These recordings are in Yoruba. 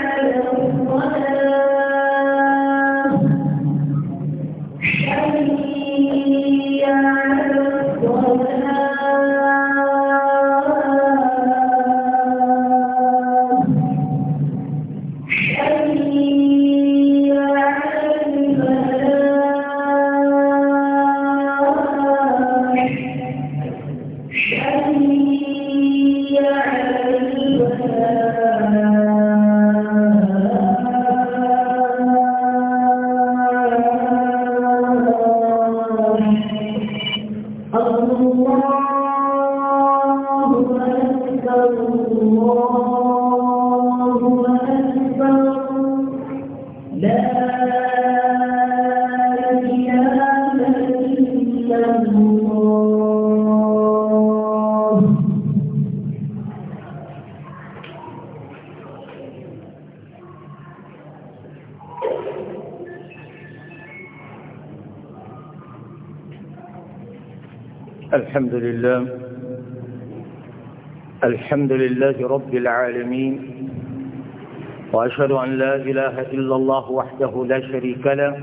ولا الحمد لله الحمد لله رب العالمين وأشهد أن لا إله إلا الله وحده لا شريك له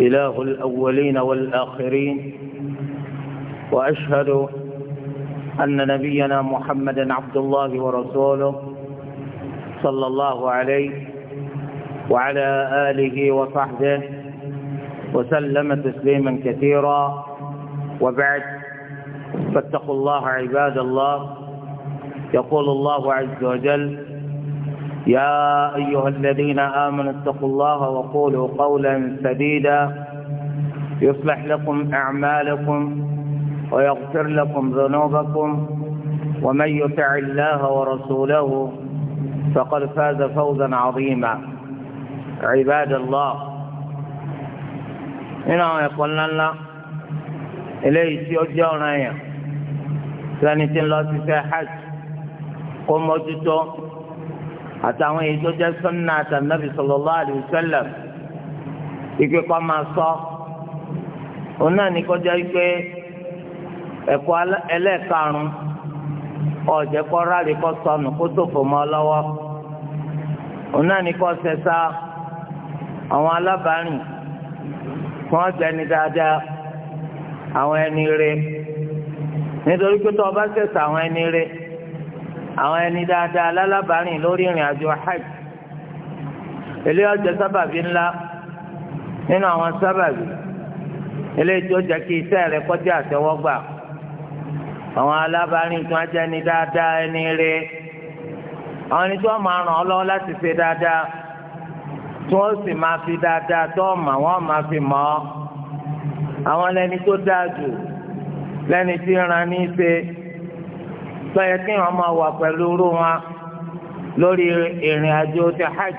إله الأولين والآخرين وأشهد أن نبينا محمدا عبد الله ورسوله صلى الله عليه وعلى آله وصحبه وسلم تسليما كثيرا وبعد فاتقوا الله عباد الله يقول الله عز وجل يا أيها الذين آمنوا اتقوا الله وقولوا قولا سديدا يصلح لكم أعمالكم ويغفر لكم ذنوبكم ومن يطع الله ورسوله فقد فاز فوزا عظيما عباد الله هنا يقول لنا إليه سيؤجرنا sani tí ń lọ síṣẹ́ hajj kó mójútó àtàwọn èyí tó jẹ́ sọ́nà àtànàbì sallallahu alaihi wasallam ìpè máa sọ òun náà ní kọjá pé ẹ̀kọ́ ẹlẹ́ẹ̀karùn-ún ọ̀jẹ̀ kọ́ ráre sọnù kó sòfò mọ́ lọ́wọ́ òun náà ní àwọn alábàárìn dáadáa àwọn nítorí pé tó o bá sẹ̀sẹ̀ àwọn ẹni rẹ àwọn ẹni dáadáa lálábàárìn lórí ìrìn àjò hajj ilé ọjọ́ sábàbí ńlá nínú àwọn sábàbí ilé ìjọ jẹ́ kí iṣẹ́ rẹ kọjá àtẹwọ́gbà àwọn alábàárìn tó ajá ẹni dáadáa ẹni rẹ àwọn ẹni tó máa ràn ọ́ lọ́wọ́ láti ṣe dáadáa tí wọ́n sì máa fi dáadáa tó ọ̀mà wọ́n máa fi mọ́ àwọn ẹni tó dáa jù. lẹ́ni tí ran ní ṣe sọyẹ kí wọn máa wà pẹ̀lú irú wọn lórí ìrìn àjò ti hajj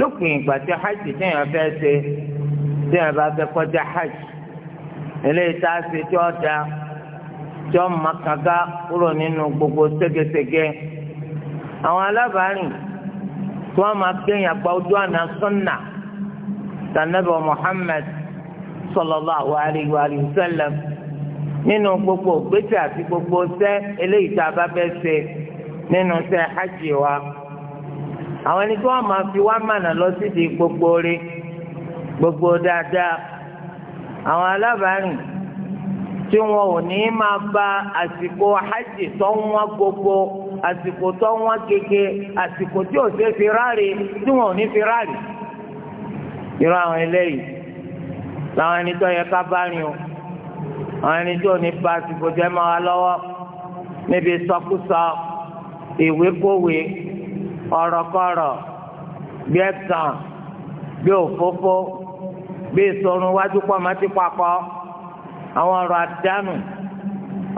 lópin ìgbà tí hajj téèyàn fẹ́ ṣe téèyàn bá fẹ́ kọjá hajj eléyìí tá ṣe tí ó da tí ó gbogbo ségesège àwọn alábàárìn tí wọn máa gbẹ̀yìn àgbà ojú àná sọ́nà Muhammad sallallahu alaihi wa sallam. nínú gbogbo ògbésẹ̀ àti gbogbo sẹ́ eléyìí tá a bá fẹ́ ṣe nínú sẹ́ hajj wa àwọn ẹni tí wọ́n máa fi wá mànà lọ sídìí gbogbo rí gbogbo dáadáa àwọn alábàárìn tí wọn ò ní máa ba àsìkò hajj tó ń wá gbogbo àsìkò tó ń wá kéke àsìkò tí ò ṣe fi ráre tí wọn ò ní fi ráre irú àwọn eléyìí làwọn ẹni tó yẹ ká bá rìn o àwọn ẹni tí ò ní bá àsìkò jẹ́ mọ́ wa lọ́wọ́ níbi sọkúsọ ìwékòwé ọ̀rọ̀kọ̀rọ̀ bí ẹ̀tàn bí òfófó bí ìsọrun wájú pọ̀ máa ti papọ̀ àwọn ọ̀rọ̀ àdánù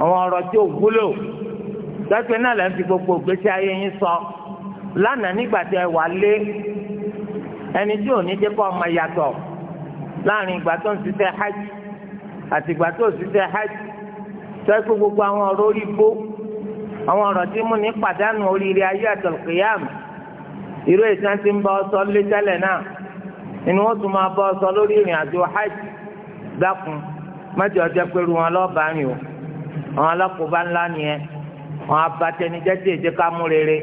àwọn ọ̀rọ̀ tí ò wúlò lọ́sẹ̀ náà lẹ́nu ti gbogbo ìgbésí ayé yín sọ lánàá nígbà tí ẹ wà lé ẹni tí ò ní jẹ́ kó ọmọ yàtọ̀ láàrin ìgbà tó ń ṣiṣẹ́ hajj àtìgbà tó ṣiṣẹ́ hajj sẹ́kù gbogbo àwọn ọ̀rọ̀ orí bó àwọn ọ̀rọ̀ tí mú ní pàdánù oríire ayé àtọ̀kìyàm irú ìsan tí ń bá ọ sọ lé tẹ́lẹ̀ náà inú wọn tún máa bá ọ sọ lórí ìrìn àjò hajj dákun mẹ́jọ jẹ́ pẹ̀lú wọn lọ́ọ̀bà rìn o àwọn alákòóbá ńlá nìyẹn àwọn abatẹnijẹ́ tí èjẹ́ ká mú rere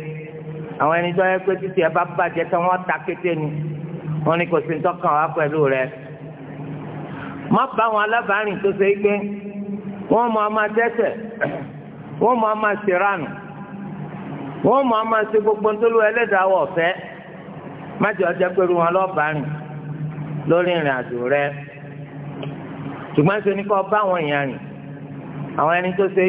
àwọn ẹni tó yẹ pé títí ẹ bá bàjẹ́ tán wọ́n ta kété ni wọ́n ní kò sí ní tọ́kàn wá pẹ̀lú rẹ̀ má bá wọn alábàárìn tó ṣe pé wọn máa máa tẹ́tẹ̀ wọn máa máa ṣe ránù wọ́n máa máa gbogbo nítorí ẹlẹ́dàá wọ̀ fẹ́ má jẹ́ ọjọ́ pẹ̀lú wọn lọ́bàárìn lórí ìrìn àjò rẹ ṣùgbọ́n ṣe ní kó bá rìn àwọn ẹni tó ṣe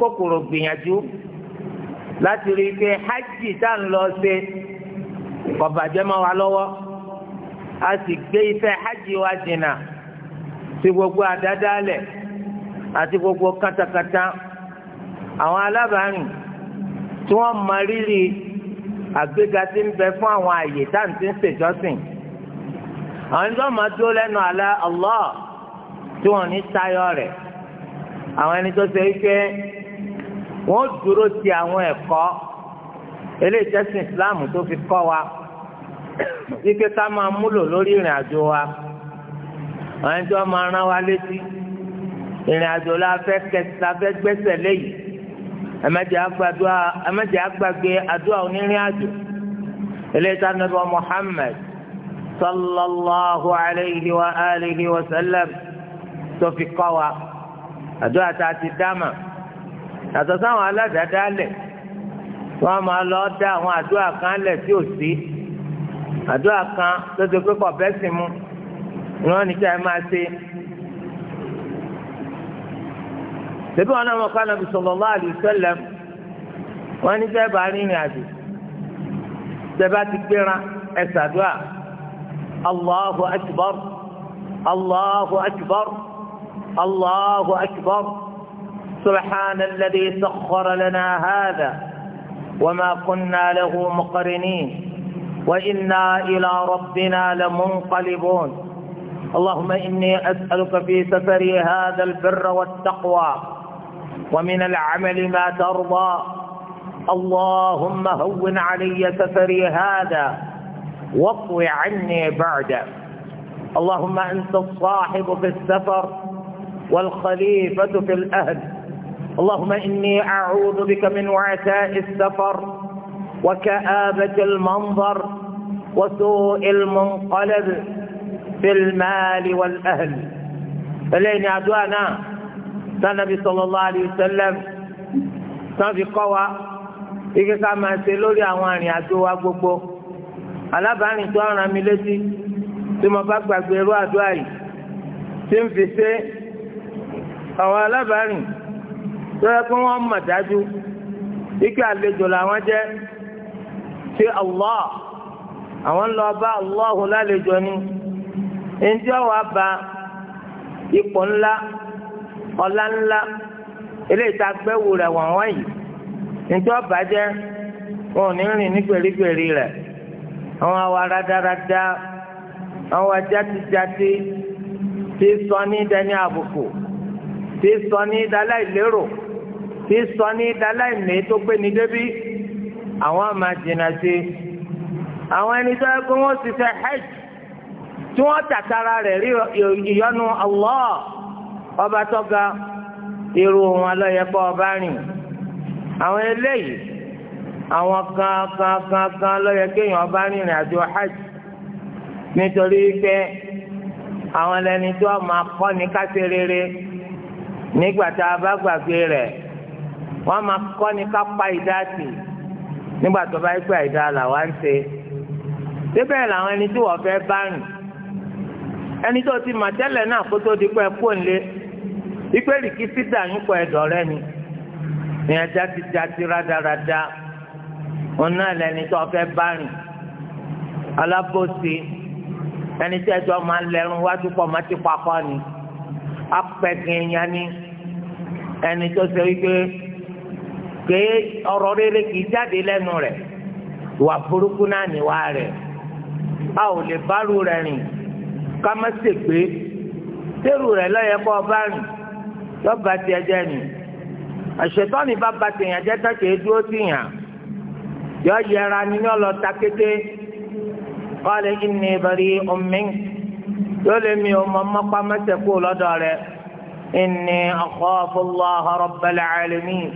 kòkòrò gbìyànjú. láti rí i pé hajj tá ń lọ ṣe mọ́ wa lọ́wọ́ a sì gbé ife hajj wa jìnnà ti gbogbo àdádálẹ̀ àti gbogbo katakata àwọn alábàárìn tí wọ́n mọ rírì àgbéga tí ń bẹ fún àwọn àyè tá à ń ti ń ṣèjọ́sìn àwọn ẹni tó máa dúró lẹ́nu àlá Allah tí wọ́n ní tayọ rẹ̀ àwọn ẹni tó ṣe wọ́n dúró ti àwọn ẹ̀kọ́ eléyìí tẹ́sìn islam tó fi kọ́ wa wípé ká máa múlò lórí ìrìn àjò wa àwọn ẹni tí wọ́n máa rán wa létí ìrìn àjò la fẹ́ kẹta fẹ́ gbẹ́sẹ̀ léyìí ẹ̀mẹ́jẹ̀ àgbàgbé àdúrà onírìn àjò eléyìí tá a nàbẹ Muhammad sallallahu alayhi wa alihi wa sallam tó fi kọ́ wa àdúrà tá a ti dá mà yàtọ̀ sáwọn aládàádálẹ̀ wọ́n máa lọ dá àwọn àdúrà kan lẹ̀ tí ò sí àdúrà kan tó ti pé kọ̀ọ̀bẹ́ sì mú ìwọ́n ní kí ẹ máa ṣe. Ṣébí wọn náà mọ̀ ká nàbì sallallahu alaihi wasallam wọ́n ní sẹ́ẹ̀ bá rìnrìn àjò sẹ́ẹ̀ ti gbéra ẹ ṣàdúrà Allahu akbar Allahu akbar Allahu akbar. سبحان الذي سخر لنا هذا وما كنا له مقرنين وإنا إلى ربنا لمنقلبون اللهم إني أسألك في سفري هذا البر والتقوى ومن العمل ما ترضى اللهم هون علي سفري هذا واطو عني بعده اللهم أنت الصاحب في السفر والخليفة في الأهل اللهم إني أعوذ بك من وعثاء السفر وكآبة المنظر وسوء المنقلب في المال والأهل إليني أدوانا النبي صلى الله عليه وسلم sanfi kọ́ wa ike ká máa ṣe lórí àwọn arìn àjò wa gbogbo alábàárìn tó rán mi létí tí mo bá gbàgbé irú àdúrà yìí tí ń fi ṣe àwọn alábàárìn lọ́yẹ pé wọ́n mọ̀ dájú ike àlejò làwọn jẹ́ ṣé Allah àwọn lọ bá Allahu lálejò ni ẹnjẹ ọwọ àbá ipò ńlá ọlá ńlá eléyìí tá a gbẹwò rẹ wọn wọ̀nyí ẹnjẹ ọba jẹ wọn ò ní rìn ní gbèrígbèrí rẹ àwọn awa rádaràda àwọn ajátijàti tí sọ ní dání àbùkù tí sọ ní dáláìlérò. tí sọ ní dáláìmí tó gbé ní débí àwọn àmà jìnnà sí àwọn ẹni tó yẹ kó wọ́n ti hajj tí wọ́n tàtara rẹ̀ rí Allah ọba tọ́ga irú wọn ló ọba rìn àwọn eléyìí àwọn kan kan kan kan kéèyàn ọba rìnrìn àjò hajj nítorí pé àwọn tó máa kọ́ ni ká rere nígbà tá a wọ́n máa kọ́ ni ká pa ìdá tì nígbà tó bá yẹ pé àìdá làwa ń ṣe débẹ̀ làwọn ẹni tí wọ́n fẹ́ bá rìn ẹni tó ti mà tẹ́lẹ̀ náà kó tó di pé kó ń ni rádaràda òun náà lẹni tó fẹ́ bá rìn alábòsí ẹni tí ẹjọ́ máa ń lẹ́rùn wájú pọ̀ máa ti ni apẹ̀gìn ẹni tó ṣe pé ọ̀rọ̀ rere kì í jáde lẹ́nu rẹ̀ ìwà burúkú náà níwá rẹ̀ a ò lè bárù rẹ̀ rìn ká má ṣe pé tẹ́rù rẹ̀ lọ́yẹ kọ́ bá rìn lọ́ba tiẹ̀ jẹ́ ni àṣetọ́ni bá ba tèèyàn jẹ́ tẹ́kẹ̀ dúró tìyàn yọ yẹra ni yọ lọ ta kété qala inni bari'un mink yóò lé mi ò mọ mọ́pá mẹ́sẹ̀ lọ́dọ̀ rẹ̀ inni akhafu Allah rabbal alamin.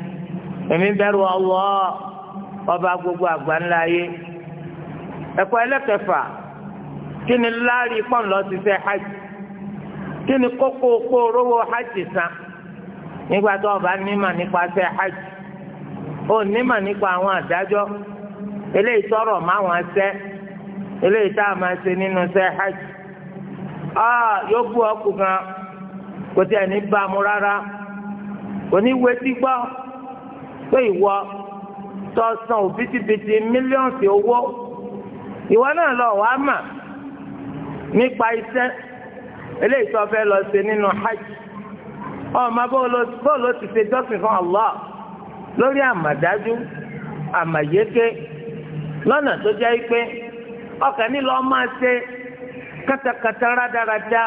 èmi bẹ̀rù ọba gbogbo àgbáńlá ayé ẹ̀kọ́ ẹlẹ́kẹfà kí ni láàrin pọ́ńlọ́ ti fẹ́ hajj kí ni kókó kó rówó san nígbà ọba nímà nípa fẹ́ hajj ó nímà nípa àwọn àdájọ́ eléyìí tọrọ wọn sẹ eléyìí tá a máa ṣe nínú ṣe hajj aa yóò bú ọkùnrin kò tí ẹ ní bá a mú pé ìwọ tó san òbítíbitì mílíọ̀nù owó ìwọ náà lọ wàá mà nípa iṣẹ́ eléyìí tó fẹ́ lọ ṣe nínú hajj ọmọ bóòlù ti ṣe jọ́sìn fún Allah lórí àmàdájú àmàyéké lọ́nà tó jẹ́ pé ọkàn nílò ọmọ ṣe kátàkátà rádaràda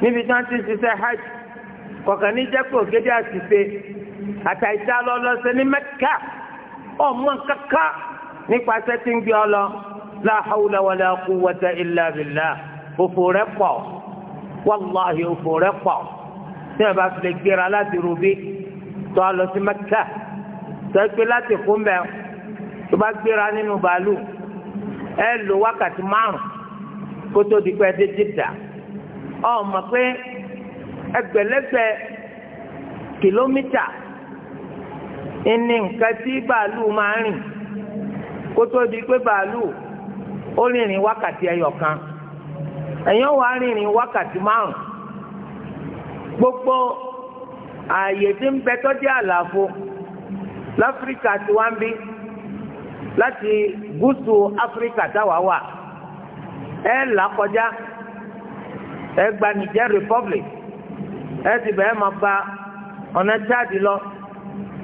níbi tí wọ́n ti ṣiṣẹ́ hajj kọ̀ọ̀kan ní jẹ́ kó gédé àṣìṣe. àtàìsí alọ́lọ́sẹ̀ ní mẹ́kà ọmọ kàkà nípa sẹ́tí ń gbé ọ lọ la hawla wala quwwata illa billah òfò rẹ pọ̀ wàláhi òfò rẹ pọ̀ tí wọn bá fi lè gbéra láti rubí tó a lọ sí mẹ́kà tó ẹ pé láti kún bẹ́ẹ̀ tó bá gbéra nínú bàálù ẹ lò wákàtí márùn kótó di pé ẹ Jìdá ọ pé ẹgbẹ̀lẹ́gbẹ̀ kìlómítà. ẹni nǹkan tí bàálù máa ń rìn kó tó di pé bàálù ó rìnrìn wákàtí ẹyọ kan ẹ̀yàn wàá rìnrìn wákàtí márùn gbogbo ààyè tí ń bẹ tọ́jú àlàfo láfíríkà tí wọ́n ń bí láti gúúsù áfíríkà táwa wà ẹ là kọjá ẹ gba Republic ẹ ti bẹ́ẹ̀ máa ba ọ̀nà Chad lọ.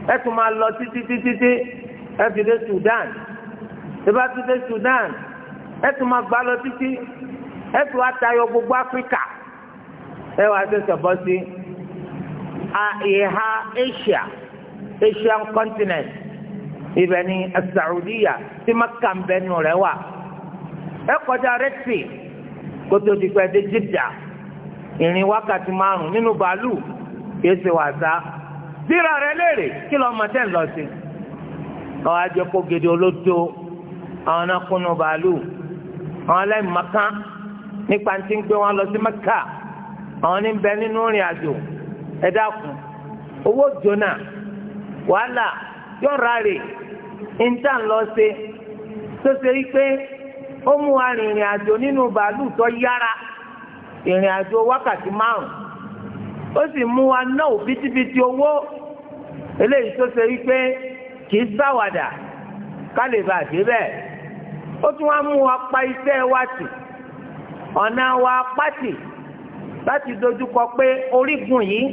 ẹ tún máa lọ títí títí tí ẹ fi dé Sudan ẹ bá tún dé Sudan ẹ tún máa gbá lọ títí ẹ tún wá tayọ gbogbo Áfíríkà ẹ wá sí ìhà Asia Asian continent ibeni ni Saudiya tí Maka ń bẹ nù rẹ̀ wà ẹ kọjá Red kótó ti pẹ́ dé ìrìn wákàtí márùn nínú bàálù ṣe zira rẹ léèrè kí lọ ọmọ tẹ́ ń lọ sí. ọ̀ àjọ kó gèdè olóto àwọn bàálù àwọn nípa ti ń gbé wọn lọ sí maka àwọn ní bẹ nínú rìn àjò owó jona wàhálà yóò rárẹ̀ níta ń lọ sí tó ṣe rí pé ó mú wa àjò nínú bàálù tó yára ìrìn àjò wákàtí márùn-ún. ó sì mú wa náà bítíbitì owó eléyìí tó ṣe wípé kì í ṣàwàdà ká lè bá dé bẹ́ẹ̀ ó tún wá mú wa pa iṣẹ́ wa tì ọ̀nà wa pátì láti dojúkọ pé orígun yìí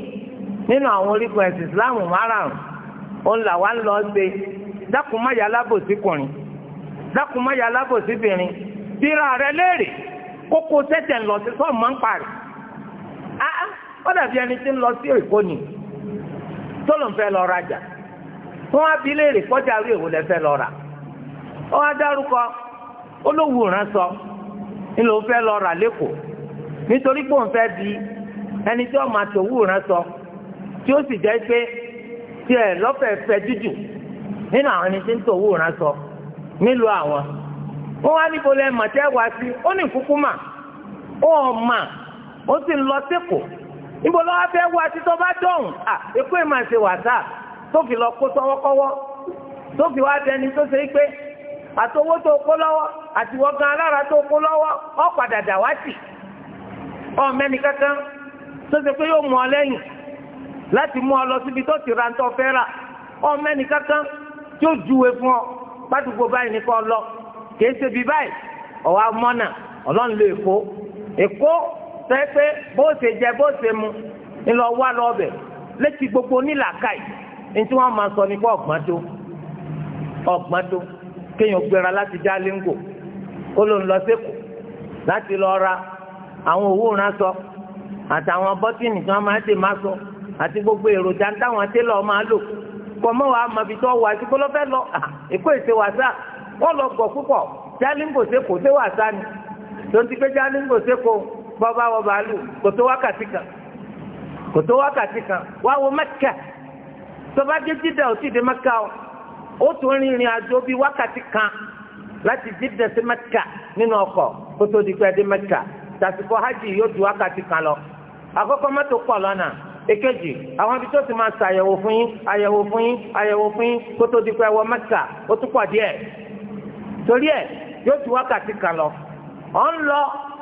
nínú àwọn orígun ẹ̀sìn Ìsìláàmù márààrún òun là wá ń lọ ṣe dákun má yà lábòsí kùnrin dákun rẹ léèrè kókó tẹ̀tẹ̀ ń sí sọ́ọ̀ ń parí. ó dàbí ẹni tí ń lọ sí èkó tó ló ń fẹ́ lọ rajà wọn á bi léèrè kọjá rí èwo lẹ́fẹ́ lọ rà wọ́n á dárúkọ olówó ìránṣọ ńlò ń fẹ́ lọ rà lẹ́kọ̀ọ́ nítorí pé òun fẹ́ di ẹni tí ọmọ àtòwò ìránṣọ tí ó sì jẹ́ pé tiẹ̀ lọ́fẹ̀ẹ́ fẹ́ nínú àwọn ẹni tí ń si ìránṣọ nílùú àwọn wá níbo lọ́wọ́ fẹ́ wá sí tó bá dọ̀hùn à èkó ẹ̀ máa ṣe wàsá tó fi lọ kó sọ́wọ́kọ́wọ́ tó fi wá dẹni tó ṣe pé àtowó tó kó lọ́wọ́ àti wọ́gán alára tó kó lọ́wọ́ ọ̀ padà dà wá sí ọ̀mẹ́ni kankan tó ṣe pé yóò mú ọ lẹ́yìn láti mú ọ lọ síbi tó ti ra ń tọ́ fẹ́ rà ọ̀mẹ́ni kankan tí ó juwe fún ọ gbàdúgbò báyìí ní kọ́ lọ kìí ṣe bí báyìí ọ̀wá mọ́nà ọlọ́run lo èkó èkó tẹ́ pé bó ṣe jẹ bó ṣe mu ńlọ wá lọ́bẹ̀ gbogbo ní tí wọ́n máa sọ ní pé ọ̀gbọ́n tó ọ̀gbọ́n tó kéèyàn gbéra láti já líńgò ó lọ láti lọ ra àwọn owó ránṣọ àtàwọn tí wọ́n máa ṣe máa sọ àti gbogbo èròjà táwọn máa lò mọ́ wàá ibi wà sí lọ ah, èkó èsè wọ́n lọ gbọ̀ púpọ̀ bọ́bá wọ bàálù kò tó wákàtí kan kò tó wákàtí kan wá wo mẹ́kà tó bá dé Jidda ò sì dé mẹ́kà o ó tún rin ìrìn àjò bíi wákàtí kan láti Jidda sí mẹ́kà nínú ọkọ̀ kó tó di pé ẹ dé mẹ́kà tàsìkò hajj yóò ju wákàtí kan lọ àkọ́kọ́ mọ́tò pọ̀ lọ́nà èkejì àwọn ibi tó ti máa sa fún yín àyẹ̀wò fún yín àyẹ̀wò fún yín kó tó di pé wọ mẹ́kà ó tún pọ̀ díẹ̀ torí ẹ̀ yóò ju wákàtí kan lọ ọ̀ ń lọ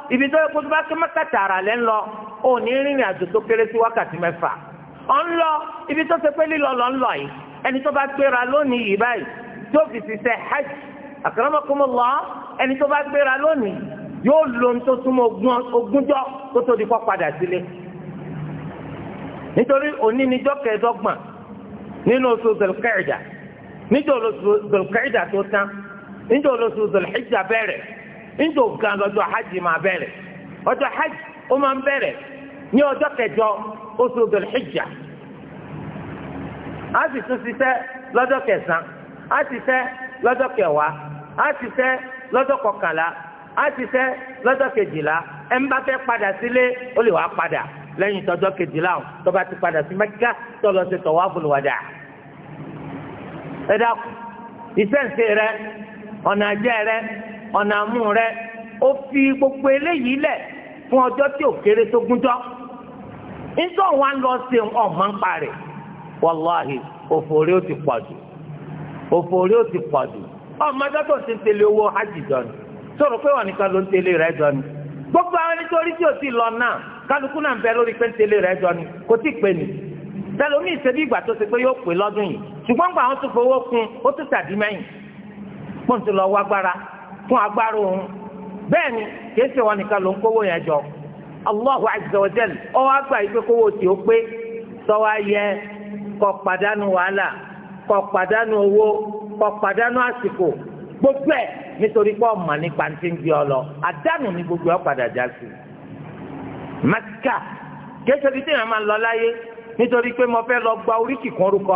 ibi tó yẹ kó tó bá ké mẹ́ta tààrà lẹ́ ń lọ ò ní rìnrìn àjò tó kéré sí wákàtí mẹ́fà ọ̀ ń lọ ibi tó ṣe pé lílọ lọ ń lọ yìí ẹni tó bá gbéra lónìí yìí báyìí tó fi ṣiṣẹ́ hajj akramakumullah ẹni tó bá gbéra lónìí yóò lo ní tó súnmọ́ ogúnjọ́ tó di kọ́ padà sílé nítorí òní níjọ́ kẹẹ̀ẹ́dọ́gbọ̀n nínú oṣù zolkẹ́ẹ̀dà níjọ́ oṣù zolkẹ́ẹ̀dà tó tán níjọ́ oṣù zolhijja bẹ̀rẹ̀ ndo òkú kan hajj ma bẹ̀rẹ̀ ọjọ́ hajj ó máa ní ọjọ́ kẹjọ oṣù Dhul-Hijja a sì tún ṣiṣẹ́ lọ́jọ́ kẹsàn a lọ́jọ́ kẹwàá a lọ́jọ́ kọkànlá a lọ́jọ́ kejìlá ẹ̀ ń bá fẹ́ padà sílé ó lè wá padà lẹ́yìn kejìlá ti padà sí ẹ dákun ọ̀nà àmú rẹ̀ ó fi gbogbo eléyìí fún ọjọ tí ò kéré tó gúnjọ́ nítorí wọn lọ sí ọmọ ń wàláhì òfòrí ó ti pọ̀ òfòrí ó ti pọ̀ jù tó ti ń tẹ̀lé owó hajj ni sọ̀rọ̀ pé wọn nìkan ló ń tẹ̀lé rẹ̀ jọ gbogbo àwọn nítorí tí o ti lọ náà kálukú náà ni kò tí ì tẹlomi ìṣẹ́bí ìgbà tó pé yóò pè lọ́dún yìí ṣùgbọ́n gbà wọn tún fowó kún ó tún mẹ́yìn fún agbára òun bẹ́ẹ̀ ni kìí ṣe wọn nìkan ló ń kówó yẹn jọ Allahu azza wa ọwọ́ àgbà yìí pé kówó tí ó pé sọ́wọ́ ayẹ kọ́ pàdánù wàhálà kọ́ pàdánù owó kọ́ pàdánù àsìkò gbogbo ẹ̀ nítorí pé ọmọ nípa ti ń bí ọ lọ àdánù ni gbogbo ọ padà já sí. Mẹ́kà kìí ṣe ibi tí èèyàn máa ń lọ láyé nítorí pé mo fẹ́ lọ gba oríkì kan orúkọ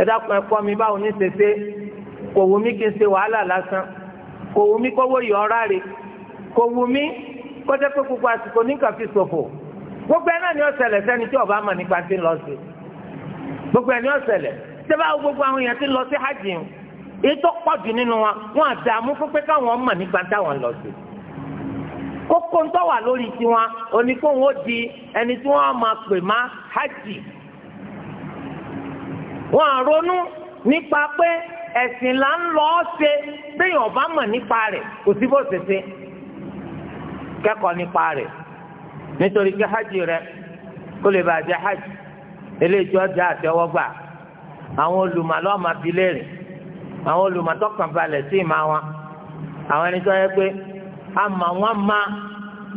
ẹ dákun ẹ kọ́ mi báwo ní ṣèṣe kò wù mí kí n ṣe wàhálà lásán kò wù mí kówó yọ ọ́rá rè kò wù mí kó pé gbogbo àsìkò níkan fi ṣòfò gbogbo ẹ náà ni ó ṣẹlẹ̀ sẹ́ni tí ọba àmọ̀ nípa ti lọ sí gbogbo ẹ ni ó ṣẹlẹ̀ ṣé báwo gbogbo àwọn èèyàn ti ń lọ sí hajj yìí èyí tó pọ̀ jù nínú wa wọn àdààmú fún pé káwọn mọ̀ nípa táwọn lọ sí kókó ń tọ́wà lórí tiwọn oníkóhun ó di ẹni tí wọ́n máa pè má hajj wọn ronú nípa pé ẹ̀sìn là ń lọ ṣe béèyàn ọba mọ̀ nípa rẹ̀ kò sí bó ṣe ṣe kẹ́kọ̀ọ́ nípa rẹ̀ nítorí pé hajj rẹ̀ kó lè bàjẹ́ hajj eléyìí ọjà àtẹwọ́gbà àwọn olùmọ̀lọ́ máa bi léèrè àwọn olùmọ̀tọ́kànbalẹ̀ sí ìmọ̀ wọn àwọn ẹni tó yẹ pé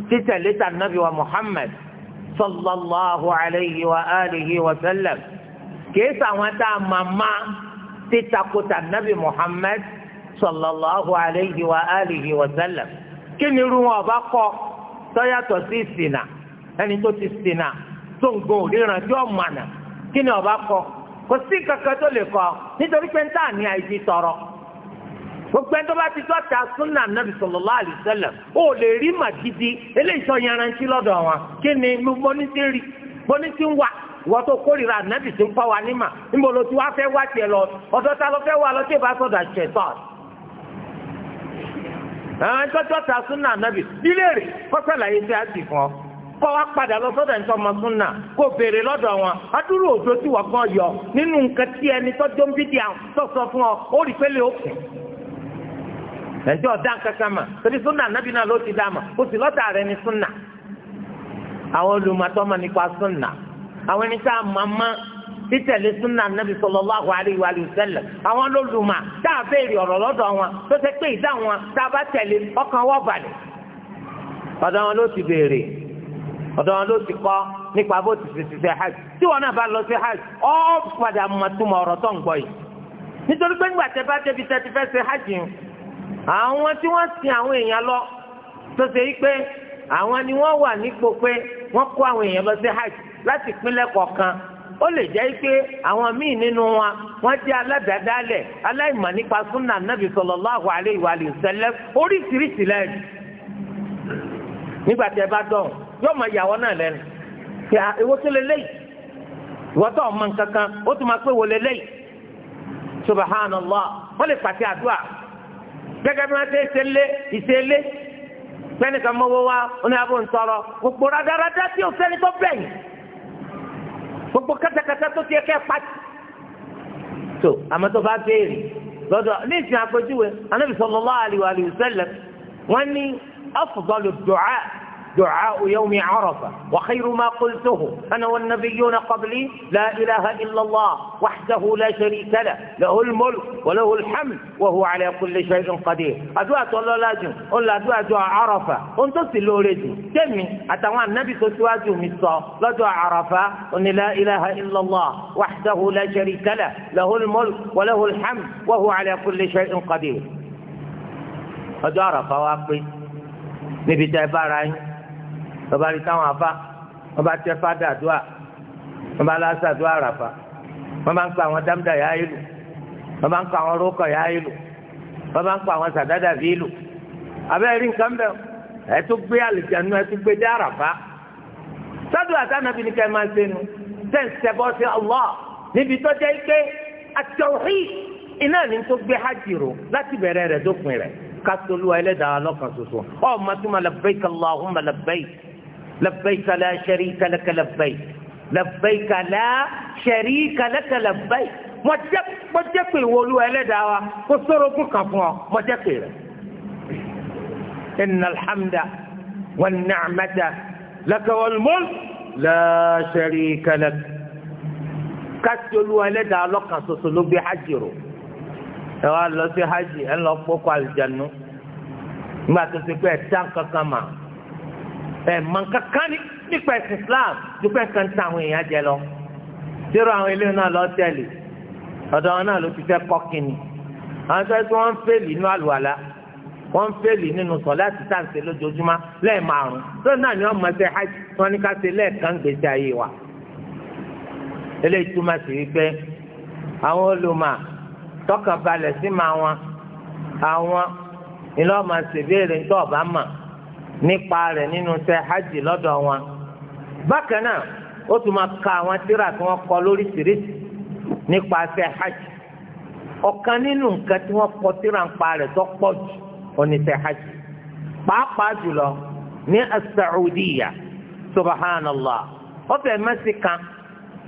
titelita wọn nàbí wa sallallahu alayhi wa alihi wa sallam. kìí sàwọn tá a máa má títakùtà nàbì Muhammad sallallahu alayhi wa alihi wa sallam kí ni irú wọn ọba kọ sọ́yàtọ̀ sí ìsìnà ẹni tó ti sìnà tó ń gun òríran tí ó mànà kí ni ọba kọ kò sí kankan tó lè kọ nítorí pé ń tà ní àìsí tọrọ gbogbo ẹni tó bá ti tọ́ ta súnà nàbì sallallahu alaihi wasallam ó lè rí màgídí eléyìí sọ yanrantí lọ́dọ̀ wọn kí ni mo ní ti rí mo ní ti wà wọ́n tó kórìíra ànábì tó ń fọ́ wa nímà níbo ló ti wá fẹ́ wá tiẹ̀ lọ ọ̀dọ́ ta ló fẹ́ wá lọ tí ì bá sọ̀dọ̀ àṣẹ tọ̀. àwọn ẹjọ́ tó ta súnà ànábì ilé rè kọ́sàlàyé tí a sì fún ọ kọ́ wa padà lọ sọ́dọ̀ ẹ̀ńtọ́ ọmọ súnà kó béèrè lọ́dọ̀ wọn adúrú òdo tí wọ́n gbọ́n yọ nínú nǹkan tí ẹni tọ́jọ́ ń bí di àwọn sọ̀sọ̀ fún ọ ó rí pélé òkun ẹ̀ńtọ́ ọ̀dà kankan mà torí súnà ànábì náà ló ti dá àwọn olùmọ̀tọ́mọ nípa súnà àwọn ẹni tá a máa má títẹ̀lé súnà nàbì sallallahu alaihi wa sallam àwọn lólùmọ̀ tá a béèrè ọ̀rọ̀ lọ́dọ̀ wọn tó ṣe pé ìdá wọn tá a bá tẹ̀lé ọkàn wọ́n balẹ̀. ọ̀dọ̀ wọn ló ti béèrè ọ̀dọ̀ wọn ló ti kọ́ nípa bó hajj tí wọn náà bá lọ sí hajj ọ́ padà mọ̀ túmọ̀ ọ̀rọ̀ tó ń gbọ́ yìí. nítorí pé ńgbà tẹ bá láti ìpínlẹ̀ kọ̀ọ̀kan ó lè jẹ́ pé àwọn míì nínú wa wọ́n jẹ́ aládàádálẹ̀ aláìmọ̀ nípa súnà nàbì sallallahu alaihi wa sallam oríṣiríṣi lẹ́nu nígbà tí ẹ bá dán yóò máa yàwọ́ náà lẹ́nu kí a ewo tó lé léyìí ìwọ́n tó ọmọ nǹkan kan ó tún máa pé wo lé léyìí subhanallah wọ́n lè pàṣẹ àdúrà gẹ́gẹ́ bí wọ́n ṣe ṣe lé ìṣe lé pẹ́ẹ́nìkan mọ́wọ́ wa ó ní gbogbo kẹtẹkẹtẹ tó tiẹ̀ kẹ́ pàtì. tó àmọ́ tó bá béèrè lọ́dọ̀ ní ìsìn àpèjúwe anábì sallallahu alaihi wa sallam wọ́n ní afdalu du'a دعاء يوم عرفة وخير ما قلته أنا والنبيون قبلي لا إله إلا الله وحده لا شريك له له الملك وله الحمد وهو على كل شيء قدير أدعاء الله لاجم قل أدعاء دعاء عرفة أنت سلو لجم كمي أتوى النبي سواجه مصر لا دعاء عرفة أن لا إله إلا الله وحده لا شريك له له الملك وله الحمد وهو على كل شيء قدير أدعاء عرفة واقف نبي تعبار عنه lọ́ba rí táwọn afá wọ́n bá tẹ́ fádà àdúrà wọ́n bá lásà àdúrà àràfà wọ́n bá ń pa àwọn dámdà yá ìlú wọ́n bá ń pa àwọn rókọ̀ yá ìlú wọ́n bá ń pa àwọn sàdádà bí ìlú abẹ́rẹ́ rí nǹkan bẹ́ẹ̀ ẹ̀ tó gbé àlìjánu ẹ̀ tó gbé dé àràfà sádùn àtànàbí ni kẹ́ máa ń sẹ́nu tẹ̀sẹ̀ bọ́ sí Allah níbi tó jẹ́ ike àtọ̀hí iná ní tó gbé hajj ro láti bẹ̀rẹ̀ rẹ̀ dópin rẹ̀ kátólúwa ẹlẹ́dàá lọ́kàn ṣoṣo ọ̀ لبيك لا شريك لك لبيك لبيك لا شريك لك لبيك mo jẹ́ pé ìwọ olú ẹlẹ́dàá wa kò sọ̀rọ̀ kó kàn fún ọ mo jẹ́ pé rẹ̀. inna alhamda wa ni'mata laka wal mulk la sharika lak. kásì olú ẹlẹ́dàá lọ́kàn ṣoṣo ló gbé hajj ẹ wá lọ sí hajj ẹ lọ kpọ́kọ́ àlùjánu nígbà tó ti pẹ́ tán kankan mà ẹ mọ̀nkankan ní nípa ẹ̀sìn Islam dúpẹ́ kan tí àwọn èèyàn jẹ lọ. zero àwọn ilé náà lọ tẹ̀lé ọ̀dọ̀ àwọn náà ló ti fẹ́ kọ́ kínni. àwọn sọ pé wọ́n ń fèlì nínú àlùwàlà wọ́n ń fèlì nínú sọ̀lá àti tàǹsẹ̀ lójoojúmọ́ lẹ́ẹ̀márùn-ún lónìí náà ni wọ́n mọ̀ ṣe hajj tí wọ́n ní ká ṣe lẹ́ẹ̀kan gbèsè ayé wa. eléyìí túmọ̀ sí wípé àwọn olùmọ̀ tọkànbalẹ̀ sí máa wọn àwọn ìlọ́ọ̀mà ṣèbéèrè ń tọ́ ọ̀bá mọ̀ nípa rẹ̀ nínú ṣe hajj lọ́dọ̀ wọn bákan náà ó tún máa ka àwọn tí wọ́n kọ lóríṣiríṣi nípa ṣe hajj ọ̀kan nínú nǹkan tí wọ́n kọ tírà ń pa rẹ̀ tó pọ̀ jù hajj pàápàá jùlọ ní asaudiya subhanallah ó fẹ́ kan